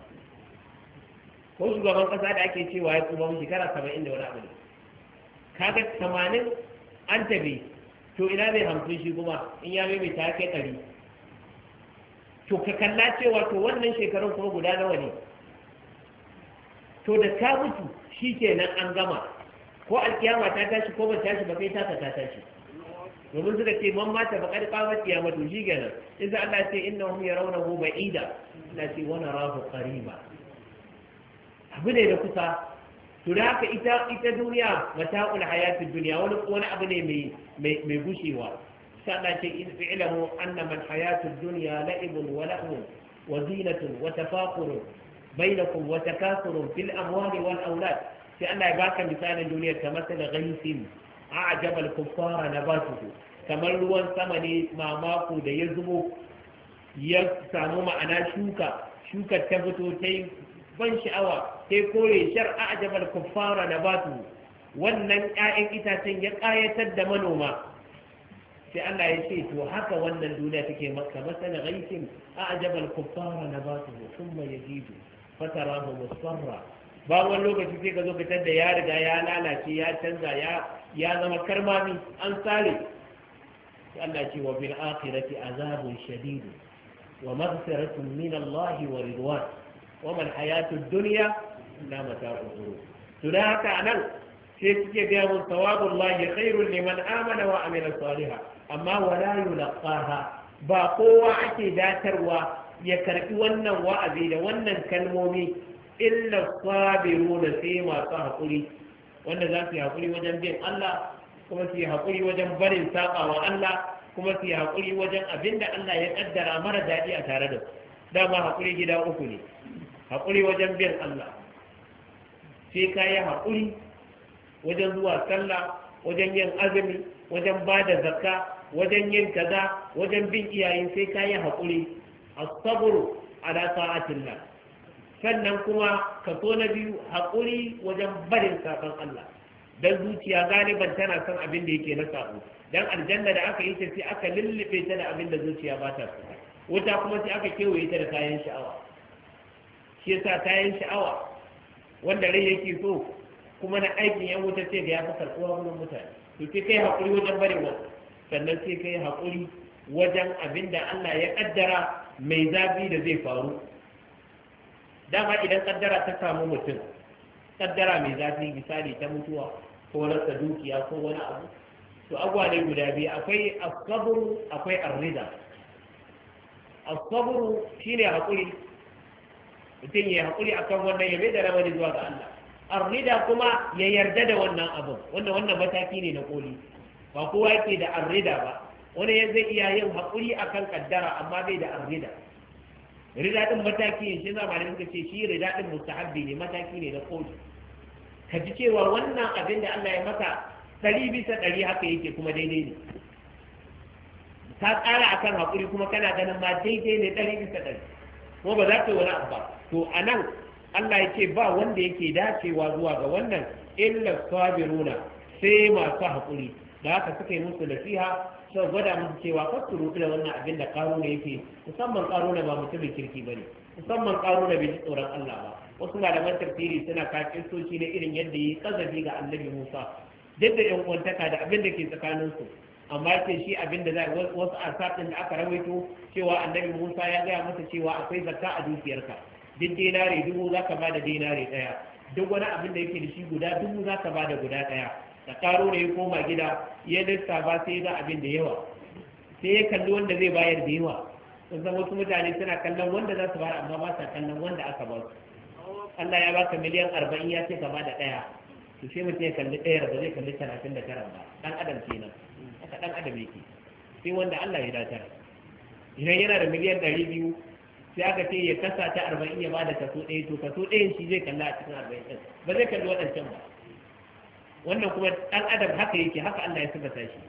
Speaker 1: ko shugaban kasa da ake cewa ya tsuba shekara saba'in da wani abu ne ka ga tamanin an tabi to ina zai hamsin shi kuma in ya maimaita ya kai ɗari to ka kalla cewa to wannan shekarun kuma guda nawa ne to da ka mutu shi kenan an gama ko alkiyama ta tashi ko ba tashi ba kai taka ta tashi domin suka ce man mata ba kada kawar kiyama to shi In idan Allah ce innahum yarawnahu ba'ida na ce wa narahu qariba abu ne da kusa to da haka ita ita duniya mata'ul hayatid dunya wani wani abu ne mai mai gushewa sanace fi'ilahu anna man hayatu dunya la'ib wa lahw wa zinatu wa tafakur bainakum wa takathur fil amwali wal awlad sai Allah ya baka misalin duniya ta masala ghaysin a'jaba al kuffara nabatuhu kamar ruwan sama ne mamaku da ya zubo ya samu ma'ana shuka shuka ta fito ban sha'awa ta kore shar a'jaba al kuffara nabatuhu wannan 'ya'yan itacen ya ƙayatar da manoma sai Allah ya ce to haka wannan duniya take maka masana ghaisin a'jaba na kuffara nabatuhu thumma yazidu fatarahu musfarra ba wani lokaci sai ka zo ka da ya riga ya lalace ya canza ya ya zama karmami an sare sai Allah ce wa bil akhirati azabun shadid wa maghfiratun min Allah wa ridwan wa mal hayatud dunya la mata'ul ghurur to da haka anan sai suke gaya mun sawabullahi khairul liman amana wa amila salihah amma wala yulqaha ba kowa ake datarwa ya karɓi wannan wa'azi da wannan kalmomi illa sabiruna sai masu haƙuri wanda za su yi haƙuri wajen bin Allah kuma su yi haƙuri wajen barin sabawa Allah kuma su yi haƙuri wajen abin Allah ya kaddara mara daɗi a tare da Da dama haƙuri gida uku ne haƙuri wajen bin Allah sai ka yi haƙuri wajen zuwa sallah wajen yin azumi wajen ba da zakka wajen yin kaza wajen bin iyayen sai ka yi haƙuri a a ala ta'atillah sannan kuma ka so na biyu haƙuri wajen barin sabon Allah don zuciya galiban tana son abin da yake na sabo don aljanna da aka yi ta sai aka lullube ta da abin da zuciya ba ta so wuta kuma sai aka kewaye ta da kayan sha'awa shi yasa kayan sha'awa wanda rai yake so kuma na aikin yan wuta ce da ya fi karɓuwa wurin mutane to sai kai haƙuri wajen barin wasu sannan sai ka yi haƙuri wajen abin da Allah ya ƙaddara mai zafi da zai faru dama idan ƙaddara ta samu mutum ƙaddara mai zafi misali ta mutuwa ko rasa dukiya ko wani abu to abuwa ne guda biyu akwai asabru akwai arrida asabru shine haƙuri mutum ya haƙuri akan wannan ya bai da ramari zuwa ga Allah arrida kuma ya yarda da wannan abin Wannan wannan mataki ne na koli ba kowa yake da arrida ba wani ya zai iya yin haƙuri akan kaddara amma bai da arrida rida din mataki ne shi ne muka ce shi rida din mustahabbi ne mataki ne na koji ka ji cewa wannan abin da Allah ya maka ɗari bisa ɗari haka yake kuma daidai ne ka tsara akan haƙuri kuma kana ganin ma daidai ne ɗari bisa ɗari kuma ba za ka yi wani abu ba to a nan Allah ya ce ba wanda yake dacewa zuwa ga wannan illa sabiruna sai masu haƙuri da haka suka yi musu nasiha sau gwada musu cewa kar su da wannan abin da karuna yake musamman karuna ba mutumin kirki ba ne musamman karuna bai ji tsoron Allah ba wasu malaman tafsiri suna kakin soci na irin yadda yi kazafi ga annabi Musa duk da yan uwantaka da abin da ke tsakaninsu amma ce shi abin da za wasu asafin da aka rawaito cewa annabi Musa ya gaya masa cewa akwai zakka a dukiyarka duk dinare dubu za ka bada dinare daya duk wani abin da yake da shi guda dubu za ka bada guda daya da karo da ya koma gida ya lissafa sai ya abin da yawa sai ya kalli wanda zai bayar da yawa sun san wasu mutane suna kallon wanda za su bayar amma ba sa kallon wanda aka ba su Allah ya baka miliyan arba'in ya ce gaba da ɗaya to sai mutum ya kalli ɗayar ba zai kalli talatin da tara ba ɗan adam kenan haka ɗan adam yake sai wanda Allah ya datar idan yana da miliyan ɗari biyu sai aka ce ya kasa ta arba'in ya bada kaso ɗaya to kaso ɗayan shi zai kalla a cikin arba'in ɗin ba zai kalli waɗancan ba wannan kuma dan adam haka yake haka Allah ya sifata shi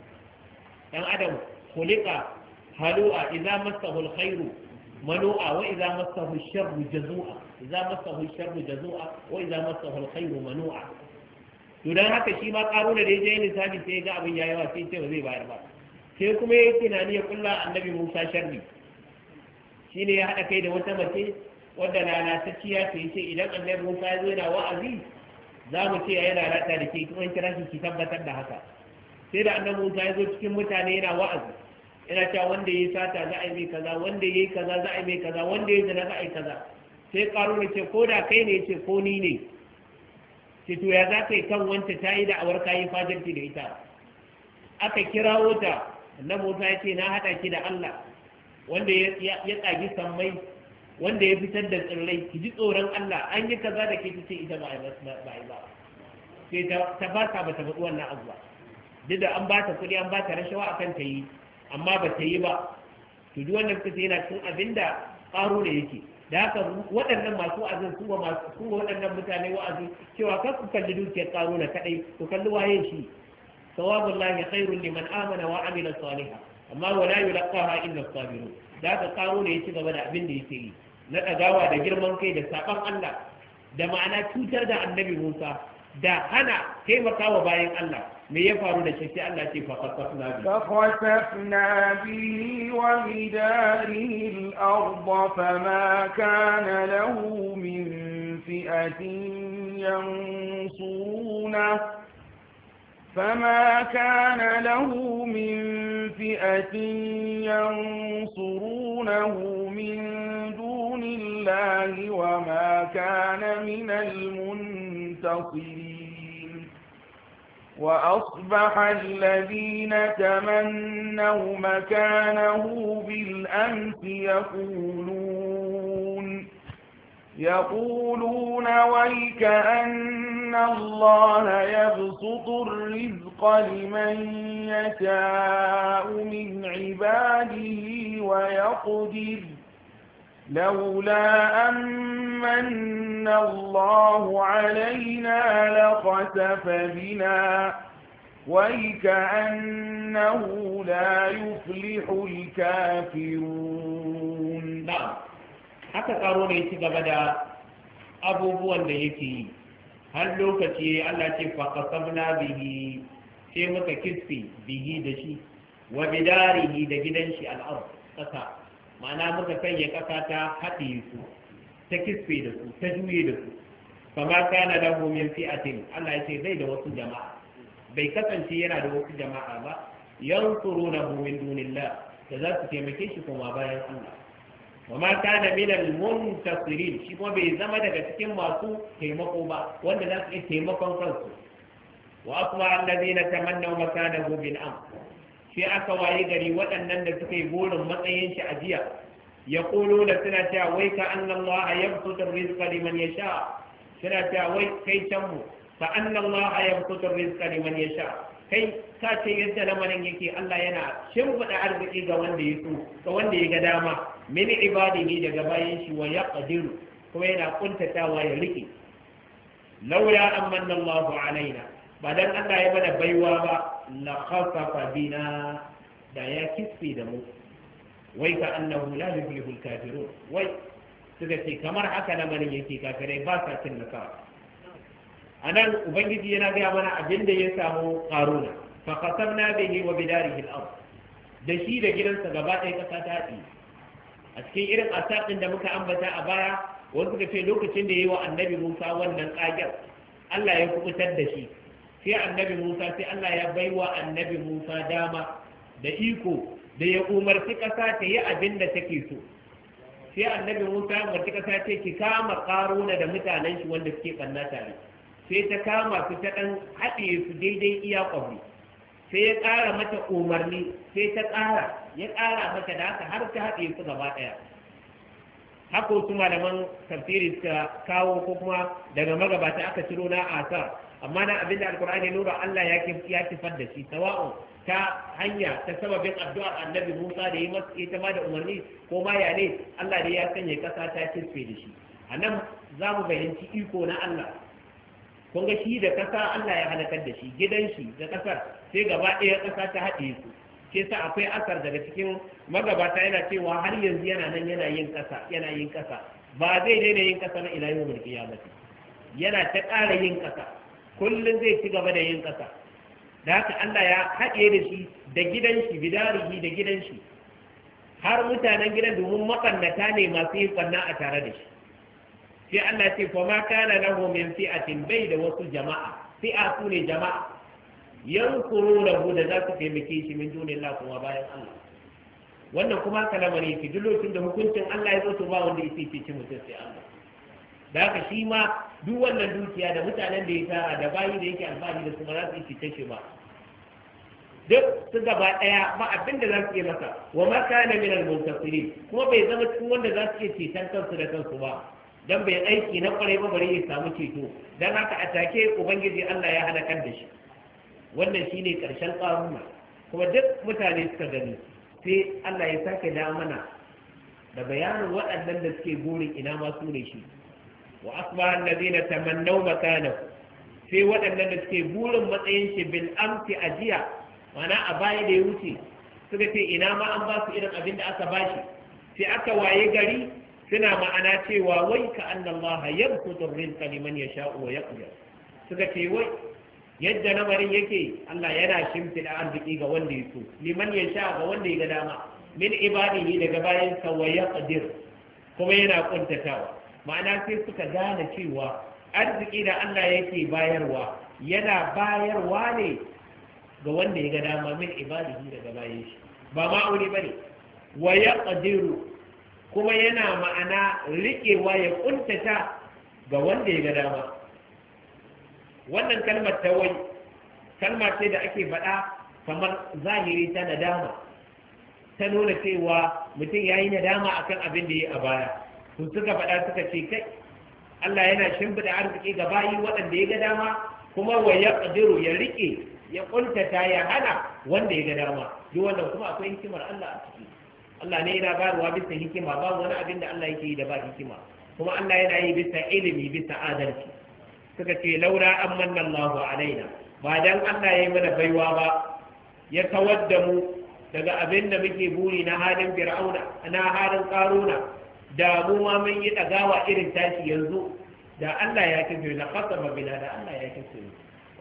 Speaker 1: dan adam khuliqa halu'a idza massahu alkhairu manu'a wa idza massahu sharru jazua idza massahu sharru jazua wa idza massahu alkhairu manu'a to dan haka shi ma karuna da yaje lissafi sai ga abin yayi wa sai ce ba zai bayar ba sai kuma yake tunani ya kulla annabi Musa sharri shine ya hada kai da wata mace wadda lalata ciya ta yace idan annabi Musa ya zo yana wa'azi za mu ce yana rata da ke kuma kira shi ki tabbatar da haka sai da annabi Musa ya zo cikin mutane yana wa'azi yana cewa wanda yayi sata za a yi mai kaza wanda yayi kaza za a yi mai kaza wanda yayi zina za a yi kaza sai karo ne ce ko da kai ne ce ko ni ne ce to ya za ka yi kan wanta ta yi da awar kayi fajirci da ita aka kirawo ta annabi Musa ya ce na hada ki da Allah wanda ya tsagi sammai wanda ya fitar da tsirrai ki ji tsoron Allah an yi kaza da ke ta ita ba a yi ba sai ta ba ta bata faɗi wannan abu ba duk da an ba ta kuɗi an ba ta rashawa akan ta yi amma ba ta yi ba to duk wannan suka yana cikin abinda da da yake da haka waɗannan masu wa'azin su ba masu su ba waɗannan mutane wa'azi cewa kar ku kalli dukiyar karo na kaɗai ku kalli waye shi sawabullahi khairun liman amana wa amila salihah amma wala yulqaha illa sabirun da aka karo ne ya ci gaba da abin da yake yi na ɗagawa da girman kai da saɓan Allah da ma'ana cutar da annabi Musa da hana taimakawa bayan Allah me ya faru da shi Allah ce fa khasafna
Speaker 2: bi fa bi wa bidarihi al-ard fa ma kana lahu min fi'atin فما كان له من فئة ينصرونه من دون الله وما كان من المنتصرين وأصبح الذين تمنوا مكانه بالأمس يقولون يقولون ويك أن الله يبسط الرزق لمن يشاء من عباده ويقدر لولا أمن الله علينا لخسف بنا ويك أنه لا يفلح الكافرون نعم. haka karo ne ci gaba da
Speaker 1: abubuwan da yake yi har lokaci Allah ce fa bihi sai muka kisfi bihi da shi wa bidarihi da gidan shi al'ar kasa ma'ana muka sanya kasa ta haɗe su ta kisfe da su ta juye da su kama kana lahu a fi'atin Allah ya ce zai da wasu jama'a bai kasance yana da wasu jama'a ba na min dunillah da za su taimake shi kuma bayan Allah wa ma kana min al-muntasirin shi kuma bai zama daga cikin masu taimako ba wanda za su yi taimakon kansu wa asma allazina tamannaw makanahu bil am shi aka waye gari waɗannan da suka yi burin matsayin shi a jiya ya kulu da suna cewa wai ka annallaha yabsutu rizqa liman sha suna cewa wai kai can mu ka fa annallaha yabsutu rizqa liman sha. kai ka ce yadda lamarin yake Allah yana shimfiɗa arziki ga wanda ya so ga wanda ya ga dama ibadi ne daga bayan shi wa yaqdiru kuma yana kuntatawa ya rike laula amanna Allahu alaina ba dan Allah ya mana baiwa ba la khasafa bina da ya kisfi da mu wai ka annahu la yuflihu kafirun wai suka ce kamar haka lamarin yake kafirai ba sa cin nasara anan ubangiji yana gaya mana abin ya samu karuna fa qasamna bihi wa bidarihi al-ard da shi da gidansa gaba ɗaya kasa ta haɗi a cikin irin asaɗin da muka ambata a baya wani suka ce lokacin da ya yi wa annabi musa wannan ƙagen allah ya kubutar da shi sai annabi musa sai allah ya bai wa annabi musa dama da iko da ya umarci ƙasa ta yi abin da take so sai annabi musa ya umarci ƙasa ce ki kama ƙaruna da mutanen shi wanda suke ɓanna tare sai ta kama su ta ɗan haɗe su daidai iya ƙwabi sai ya ƙara mata umarni sai ta ƙara ya ƙara mata da haka har ta haɗe su gaba ɗaya hako su malaman tafsiri suka kawo ko kuma daga magabata aka ciro na asar amma na abin da alkur'ani nura Allah ya kifar da shi tawa'un ta hanya ta sababin addu'ar annabi Musa da yi masu ita ma da umarni ko ma ya ne Allah da ya sanya kasa ta kirfe da shi a nan za mu fahimci iko na Allah kun shi da kasa Allah ya halakar da shi gidan shi da ƙasar sai gaba ɗaya kasa ta haɗe su ke sa akwai asar daga cikin magabata yana cewa har yanzu yana nan yana yin ƙasa yana yin ƙasa ba zai daina yin kasa na ila yau mulki ya yana ta ƙara yin kasa kullum zai ci gaba da yin ƙasa da haka Allah ya haɗe da shi da gidan shi bidarihi da gidan shi har mutanen gidan domin makannata ne masu yin ƙwanna a tare da shi sai Allah ce fa ma kana lahu min fi'atin bai da wasu jama'a fi'a su ne jama'a yankurunahu da za su taimake shi min Allah kuma bayan Allah wannan kuma kalama lamari ki duk lokacin da hukuncin Allah ya zo to ba wanda yake ce mutum sai Allah da haka shi ma duk wannan dukiya da mutanen da ya tara da bayi da yake alfahari da su ba za su yi tashe ba duk su gaba daya ba abin da za su yi masa wa makana min al kuma bai zama cikin wanda za su iya ceton kansu da kansu ba dan bai aiki na kwarai ba bari ya samu ceto dan haka a take ubangiji Allah ya halakar da shi wannan shine karshen karuna kuma duk mutane suka gani sai Allah ya sake da mana da bayanin waɗannan da suke burin ina ma su ne shi wa asbaha allazina tamannaw makana sai waɗannan da suke burin matsayin shi bil amsi ajiya mana a baya da ya wuce suka ce ina ma an ba su irin abin da aka ba shi sai aka waye gari suna ma'ana cewa wai ka annallaha yabsutu rizqa ya yasha'u wa yaqdir suka ce wai yadda lamarin yake Allah yana shimfiɗa arziki ga wanda ya so liman sha ga wanda ya ga dama min ibadihi daga bayan sa wa yaqdir kuma yana kuntatawa ma'ana sai suka gane cewa arziki da Allah yake bayarwa yana bayarwa ne ga wanda ya ga dama min ibadihi daga bayan shi ba ma'auni ba ne wa yaqdiru kuma yana ma'ana riƙewa ya ƙuntata ga wanda ya ga dama wannan kalmar tawai kalmar ce da ake faɗa kamar zahiri ta nadama ta nuna cewa mutum ya yi nadama kan abin da ya a baya su suka faɗa suka ce kai Allah yana shimfiɗa arziki ga bayi waɗanda ya ga dama kuma wa ya ƙadiru, ya riƙe ya ƙuntata ya hana wanda ya ga dama duk wannan kuma akwai hikimar Allah a ciki Allah ne yana bayarwa bisa hikima babu wani abin da Allah yake yi da ba hikima kuma Allah yana yi bisa ilimi bisa adalci suka ce laura an manna wa alaina ba dan Allah yayi mana baiwa ba ya kawar mu daga abin da muke buri na halin fir'auna na halin karuna da mu ma mun yi dagawa irin tashi yanzu da Allah ya kace na qasama bina da Allah ya kace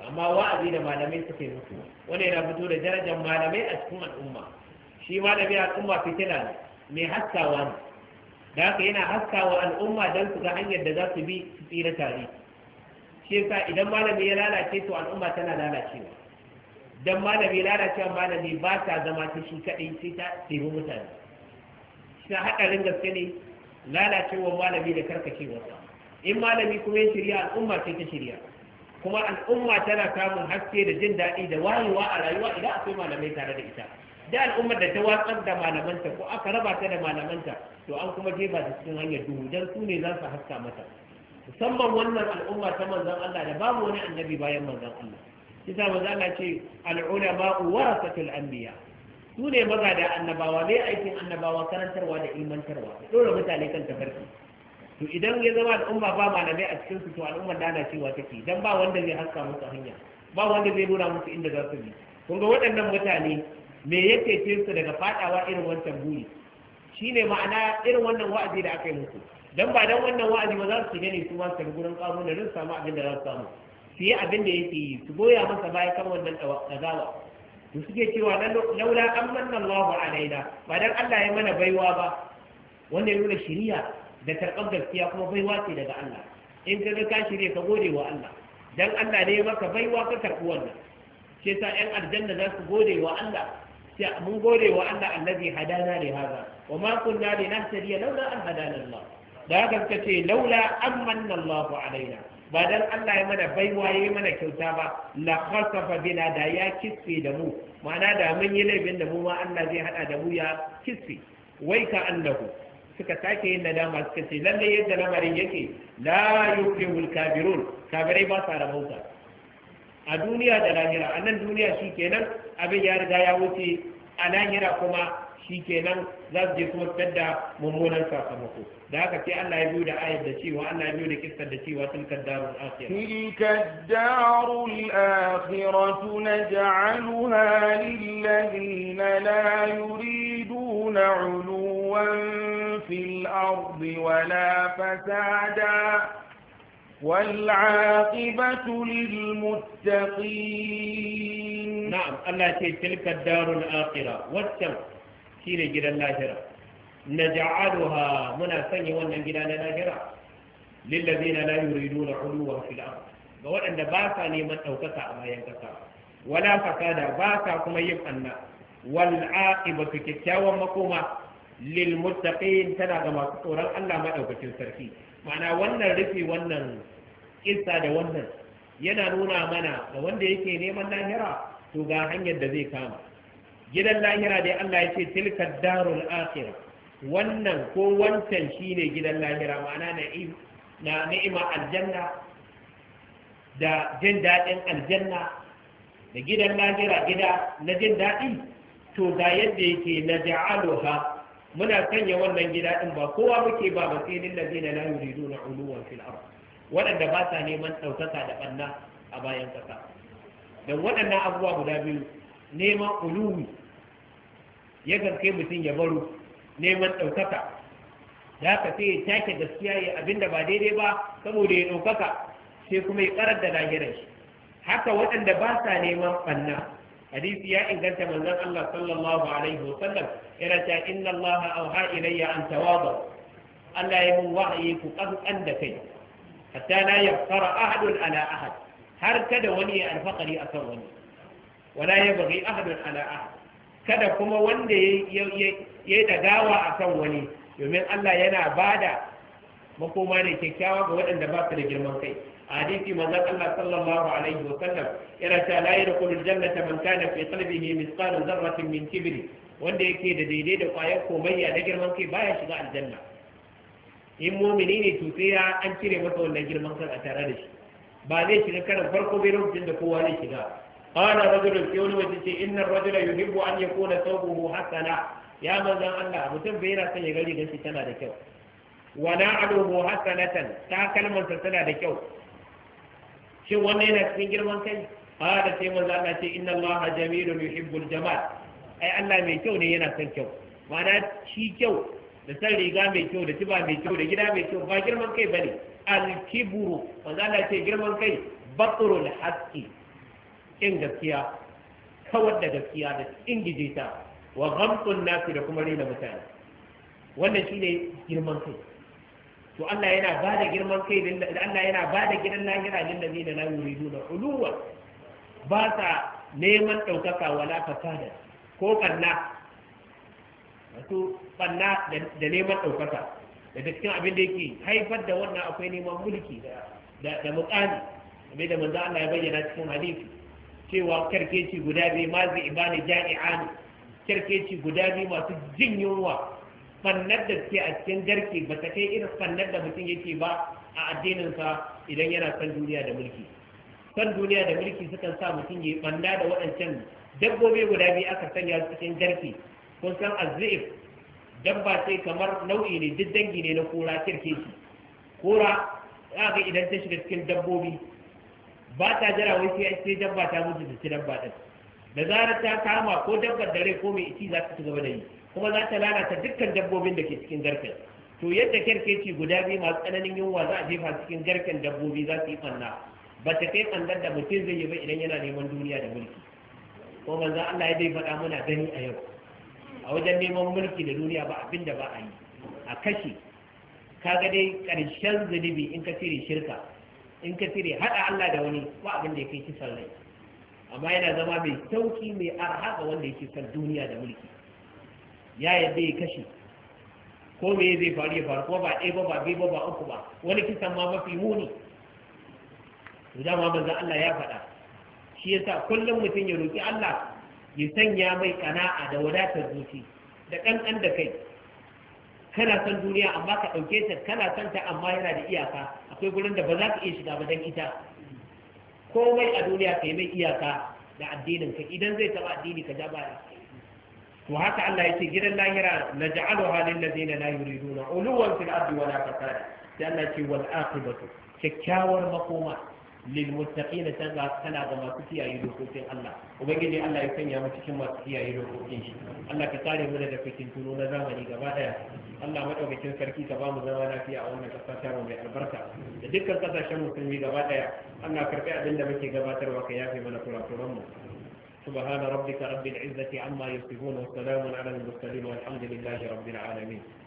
Speaker 1: amma wa'azi da malamai suke mutu wani yana fito da darajar malamai a cikin al'umma shi biya al'umma fitina ne mai haskawa ne da haka yana haskawa al'umma don su ga hanyar da za su bi su tsira tare shi yasa idan malami ya lalace to al'umma tana lalacewa dan malami ya lalacewa malami ba ta zama ta shi kadai sai ta taimi mutane shi haɗarin gaske ne lalacewar malami da karkacewarsa in malami kuma ya shirya al'umma sai ta shirya kuma al'umma tana samun haske da jin daɗi da wayewa a rayuwa idan akwai malamai tare da ita da al'ummar da ta watsar da malamanta ko aka raba ta da malamanta to an kuma jefa ta cikin hanyar duhu dan su ne za su haska mata musamman wannan al'umma ta manzon Allah da babu wani annabi bayan manzon Allah kisa manzon Allah ce al-ulama warasatul anbiya su ne maza da annabawa ne aikin annabawa karantarwa da ilmantarwa dole mutane kan tafarki to idan ya zama al'umma ba malamai a cikin su to al'ummar cewa take dan ba wanda zai haska musu hanya ba wanda zai nuna musu inda za su bi kun ga waɗannan mutane me ya cece su daga fadawa irin wancan buri Shi ne ma'ana irin wannan wa'azi da aka yi musu dan ba dan wannan wa'azi ba za su gani su ma su gurin kamun da samu abin da za su samu su yi abin da yake yi su goya masa baya kan wannan dazawa Da suke cewa laula an manna Allahu alaina ba dan Allah ya mana baiwa ba wannan nuna shiriya da karɓar gaskiya kuma baiwa ce daga Allah in ka ga ka shirya ka gode wa Allah dan Allah ne ya maka baiwa ka karɓi wannan shi sa 'yan aljanna za su gode wa Allah sai mun gode wa Allah allazi hadana li hada wa ma kunna linahtadiya laula an hadana Allah da haka suka ce laula an Allah alaina ba dan Allah ya mana baiwa ya mana kyauta ba la khasafa bina da ya kisfe da mu ma'ana da mun yi laifin da mu ma Allah zai hada da mu ya kisse wai ka annahu suka sake yin nadama suka ce lalle yadda lamarin yake la yuflihul kafirun kafirai ba sa rabauta a duniya da lahira a nan duniya shi kenan abin ya riga ya wuce a lahira kuma shi kenan za su je kuma fitar da mummunan sakamako da haka sai Allah ya biyu da ayat da cewa Allah ya
Speaker 2: biyu da kistar da cewa tilka darul akhirah tilka darul akhirah naj'aluha lil la yuriduna 'uluwan fil ardi wala fasada والعاقبة للمتقين
Speaker 1: نعم الله تلك الدار الآخرة والسم شين جدا الآخرة نجعلها منافني ونجدا الآخرة للذين لا يريدون علوا في الأرض وأن باسا نيمة أو كسا ما ينكسا ولا فسادا باسا كما يبقى والعاقبة كتاوى مكومة للمتقين تنا كما تقول الله ما أو كتير معنى وانا رفي وانا kissa da wannan yana nuna mana da wanda yake neman lahira to ga hanyar da zai kama gidan lahira dai Allah ya ce tilka darul akhirah wannan ko wancan shine gidan lahira ma'ana na na ni'ima aljanna da jin daɗin aljanna da gidan lahira gida na jin daɗi to ga yadda yake na ja'aluha muna sanya wannan gida din ba kowa muke ba ba sai lillazina la yuriduna uluwan fil ardh waɗanda ba sa neman ɗaukaka da ɓanna a bayan ƙasa don waɗannan abubuwa guda biyu neman uluwi ya kai mutum ya baro neman ɗaukaka da haka sai ya take gaskiya ya abin da ba daidai ba saboda ya ɗaukaka sai kuma ya ƙarar da lahirar shi haka waɗanda ba sa neman ɓanna hadisi ya inganta manzon Allah sallallahu alaihi wa sallam yana ta inna Allah auha ilayya an tawaba Allah ya mun wa'ayi ku ƙasƙan da kai hatta la yafkara ahadun ala ahad har kada wani ya alfakari akan wani wala ya ahadun ala ahad kada kuma wanda ya yi dagawa akan wani domin Allah yana bada makoma ne kyakkyawa ga waɗanda ba su da girman kai a hadisi manzon Allah sallallahu alaihi wa sallam yana ta la yadkhulul jannata man kana fi qalbihi mithqalu dharratin min kibri wanda yake da daidai da kwayar komayya da girman kai baya shiga aljanna in mumini ne to sai an cire masa wannan girman kan a tare da shi ba zai shiga karin farko bai lokacin da kowa zai shiga qala rajulun sai wani mutum ce inna rajula yuhibbu an yakuna thawbuhu hasana ya manzan Allah mutum bai yana son ya gari da shi tana da kyau wa na'aluhu hasanatan ta kalmar sa tana da kyau shin wannan yana cikin girman kai qala sai manzan Allah ce inna Allah jamilun yuhibbul jamal ai Allah mai kyau ne yana son kyau ma'ana shi kyau da san riga mai kyau da tiba mai kyau da gida mai kyau ba girman kai bane alkiburu wanda Allah ce girman kai batrul haqqi in gaskiya kawar da gaskiya da ingije ta wa ghamtun nasi da kuma rina mutane wannan shine girman kai to Allah yana ba da girman kai da Allah yana ba da gidan lahira lil ladina la yuriduna uluwa ba sa neman daukaka wala fasada ko kanna wato banna da neman daukaka da cikin abin da yake haifar da wannan akwai neman mulki da mukami abin da manzo Allah ya bayyana cikin hadisi cewa karkeci guda biyu mazi ibani ja'i'an karkeci guda biyu masu jin yunwa fannar da suke a cikin garke ba ta kai irin fannar da mutum yake ba a addininsa idan yana san duniya da mulki san duniya da mulki sukan sa mutum ya banna da waɗancan dabbobi guda biyu aka sanya su cikin garke kun san azzi'if dabba sai kamar nau'i ne duk dangi ne na kura shi kura za ga idan ta shiga cikin dabbobi ba ta jira wai sai ce dabba ta mutu da ci dabba din da zarar ta kama ko dabbar da rai ko mai ici za ta ci gaba da yi kuma za ta lalata dukkan dabbobin da ke cikin garken to yadda kerkeci guda biyu masu tsananin yunwa za a jefa cikin garken dabbobi za su yi fanna. ba ta kai fannar da mutum zai yi ba idan yana neman duniya da mulki ko manzo Allah ya dai faɗa muna gani a yau a wajen neman mulki da duniya ba abin da ba a yi a kashe kaga dai karshen zunubi in ka cire shirka in ka cire haɗa Allah da wani ba abin da ya kai kisan rai amma yana zama mai sauki mai arha ga wanda ya son duniya da mulki ya yadda ya kashe ko me zai faru ya faru ko ba ɗaya ba ba ba ba uku ba wani kisan ma mafi muni to dama manzon Allah ya faɗa shi yasa kullum mutum ya roki Allah ya sanya mai kana'a da wadatar zuci da ƙanƙan da kai kana son duniya amma ka ɗauke ta kana son ta amma yana da iyaka akwai gurin da ba za ka iya shiga ba don ita komai a duniya ka yi mai iyaka da addinin ka idan zai taɓa addini ka ja baya to haka Allah yace gidan lahira na ja'alu halin na. la yuriduna uluwan fil ardi wala fasad sai Allah ce wal aqibatu kyakkyawar makoma للمتقين سنة سنة ما تسيا يدوكوتي الله وبيجي الله يسمي يا مسيح ما تسيا يدوكوتي الله كتاري من ذا فيتين تونا زمان بعدها الله ما تبغى فركي كبار زمان فيها أو من كفتة البركة ذيك كفتة شام مسلم بعدها الله كرفع دين لما تيجا بعدها من كل كرمه سبحان ربك رب العزة عما يصفون وسلام على المرسلين والحمد لله رب العالمين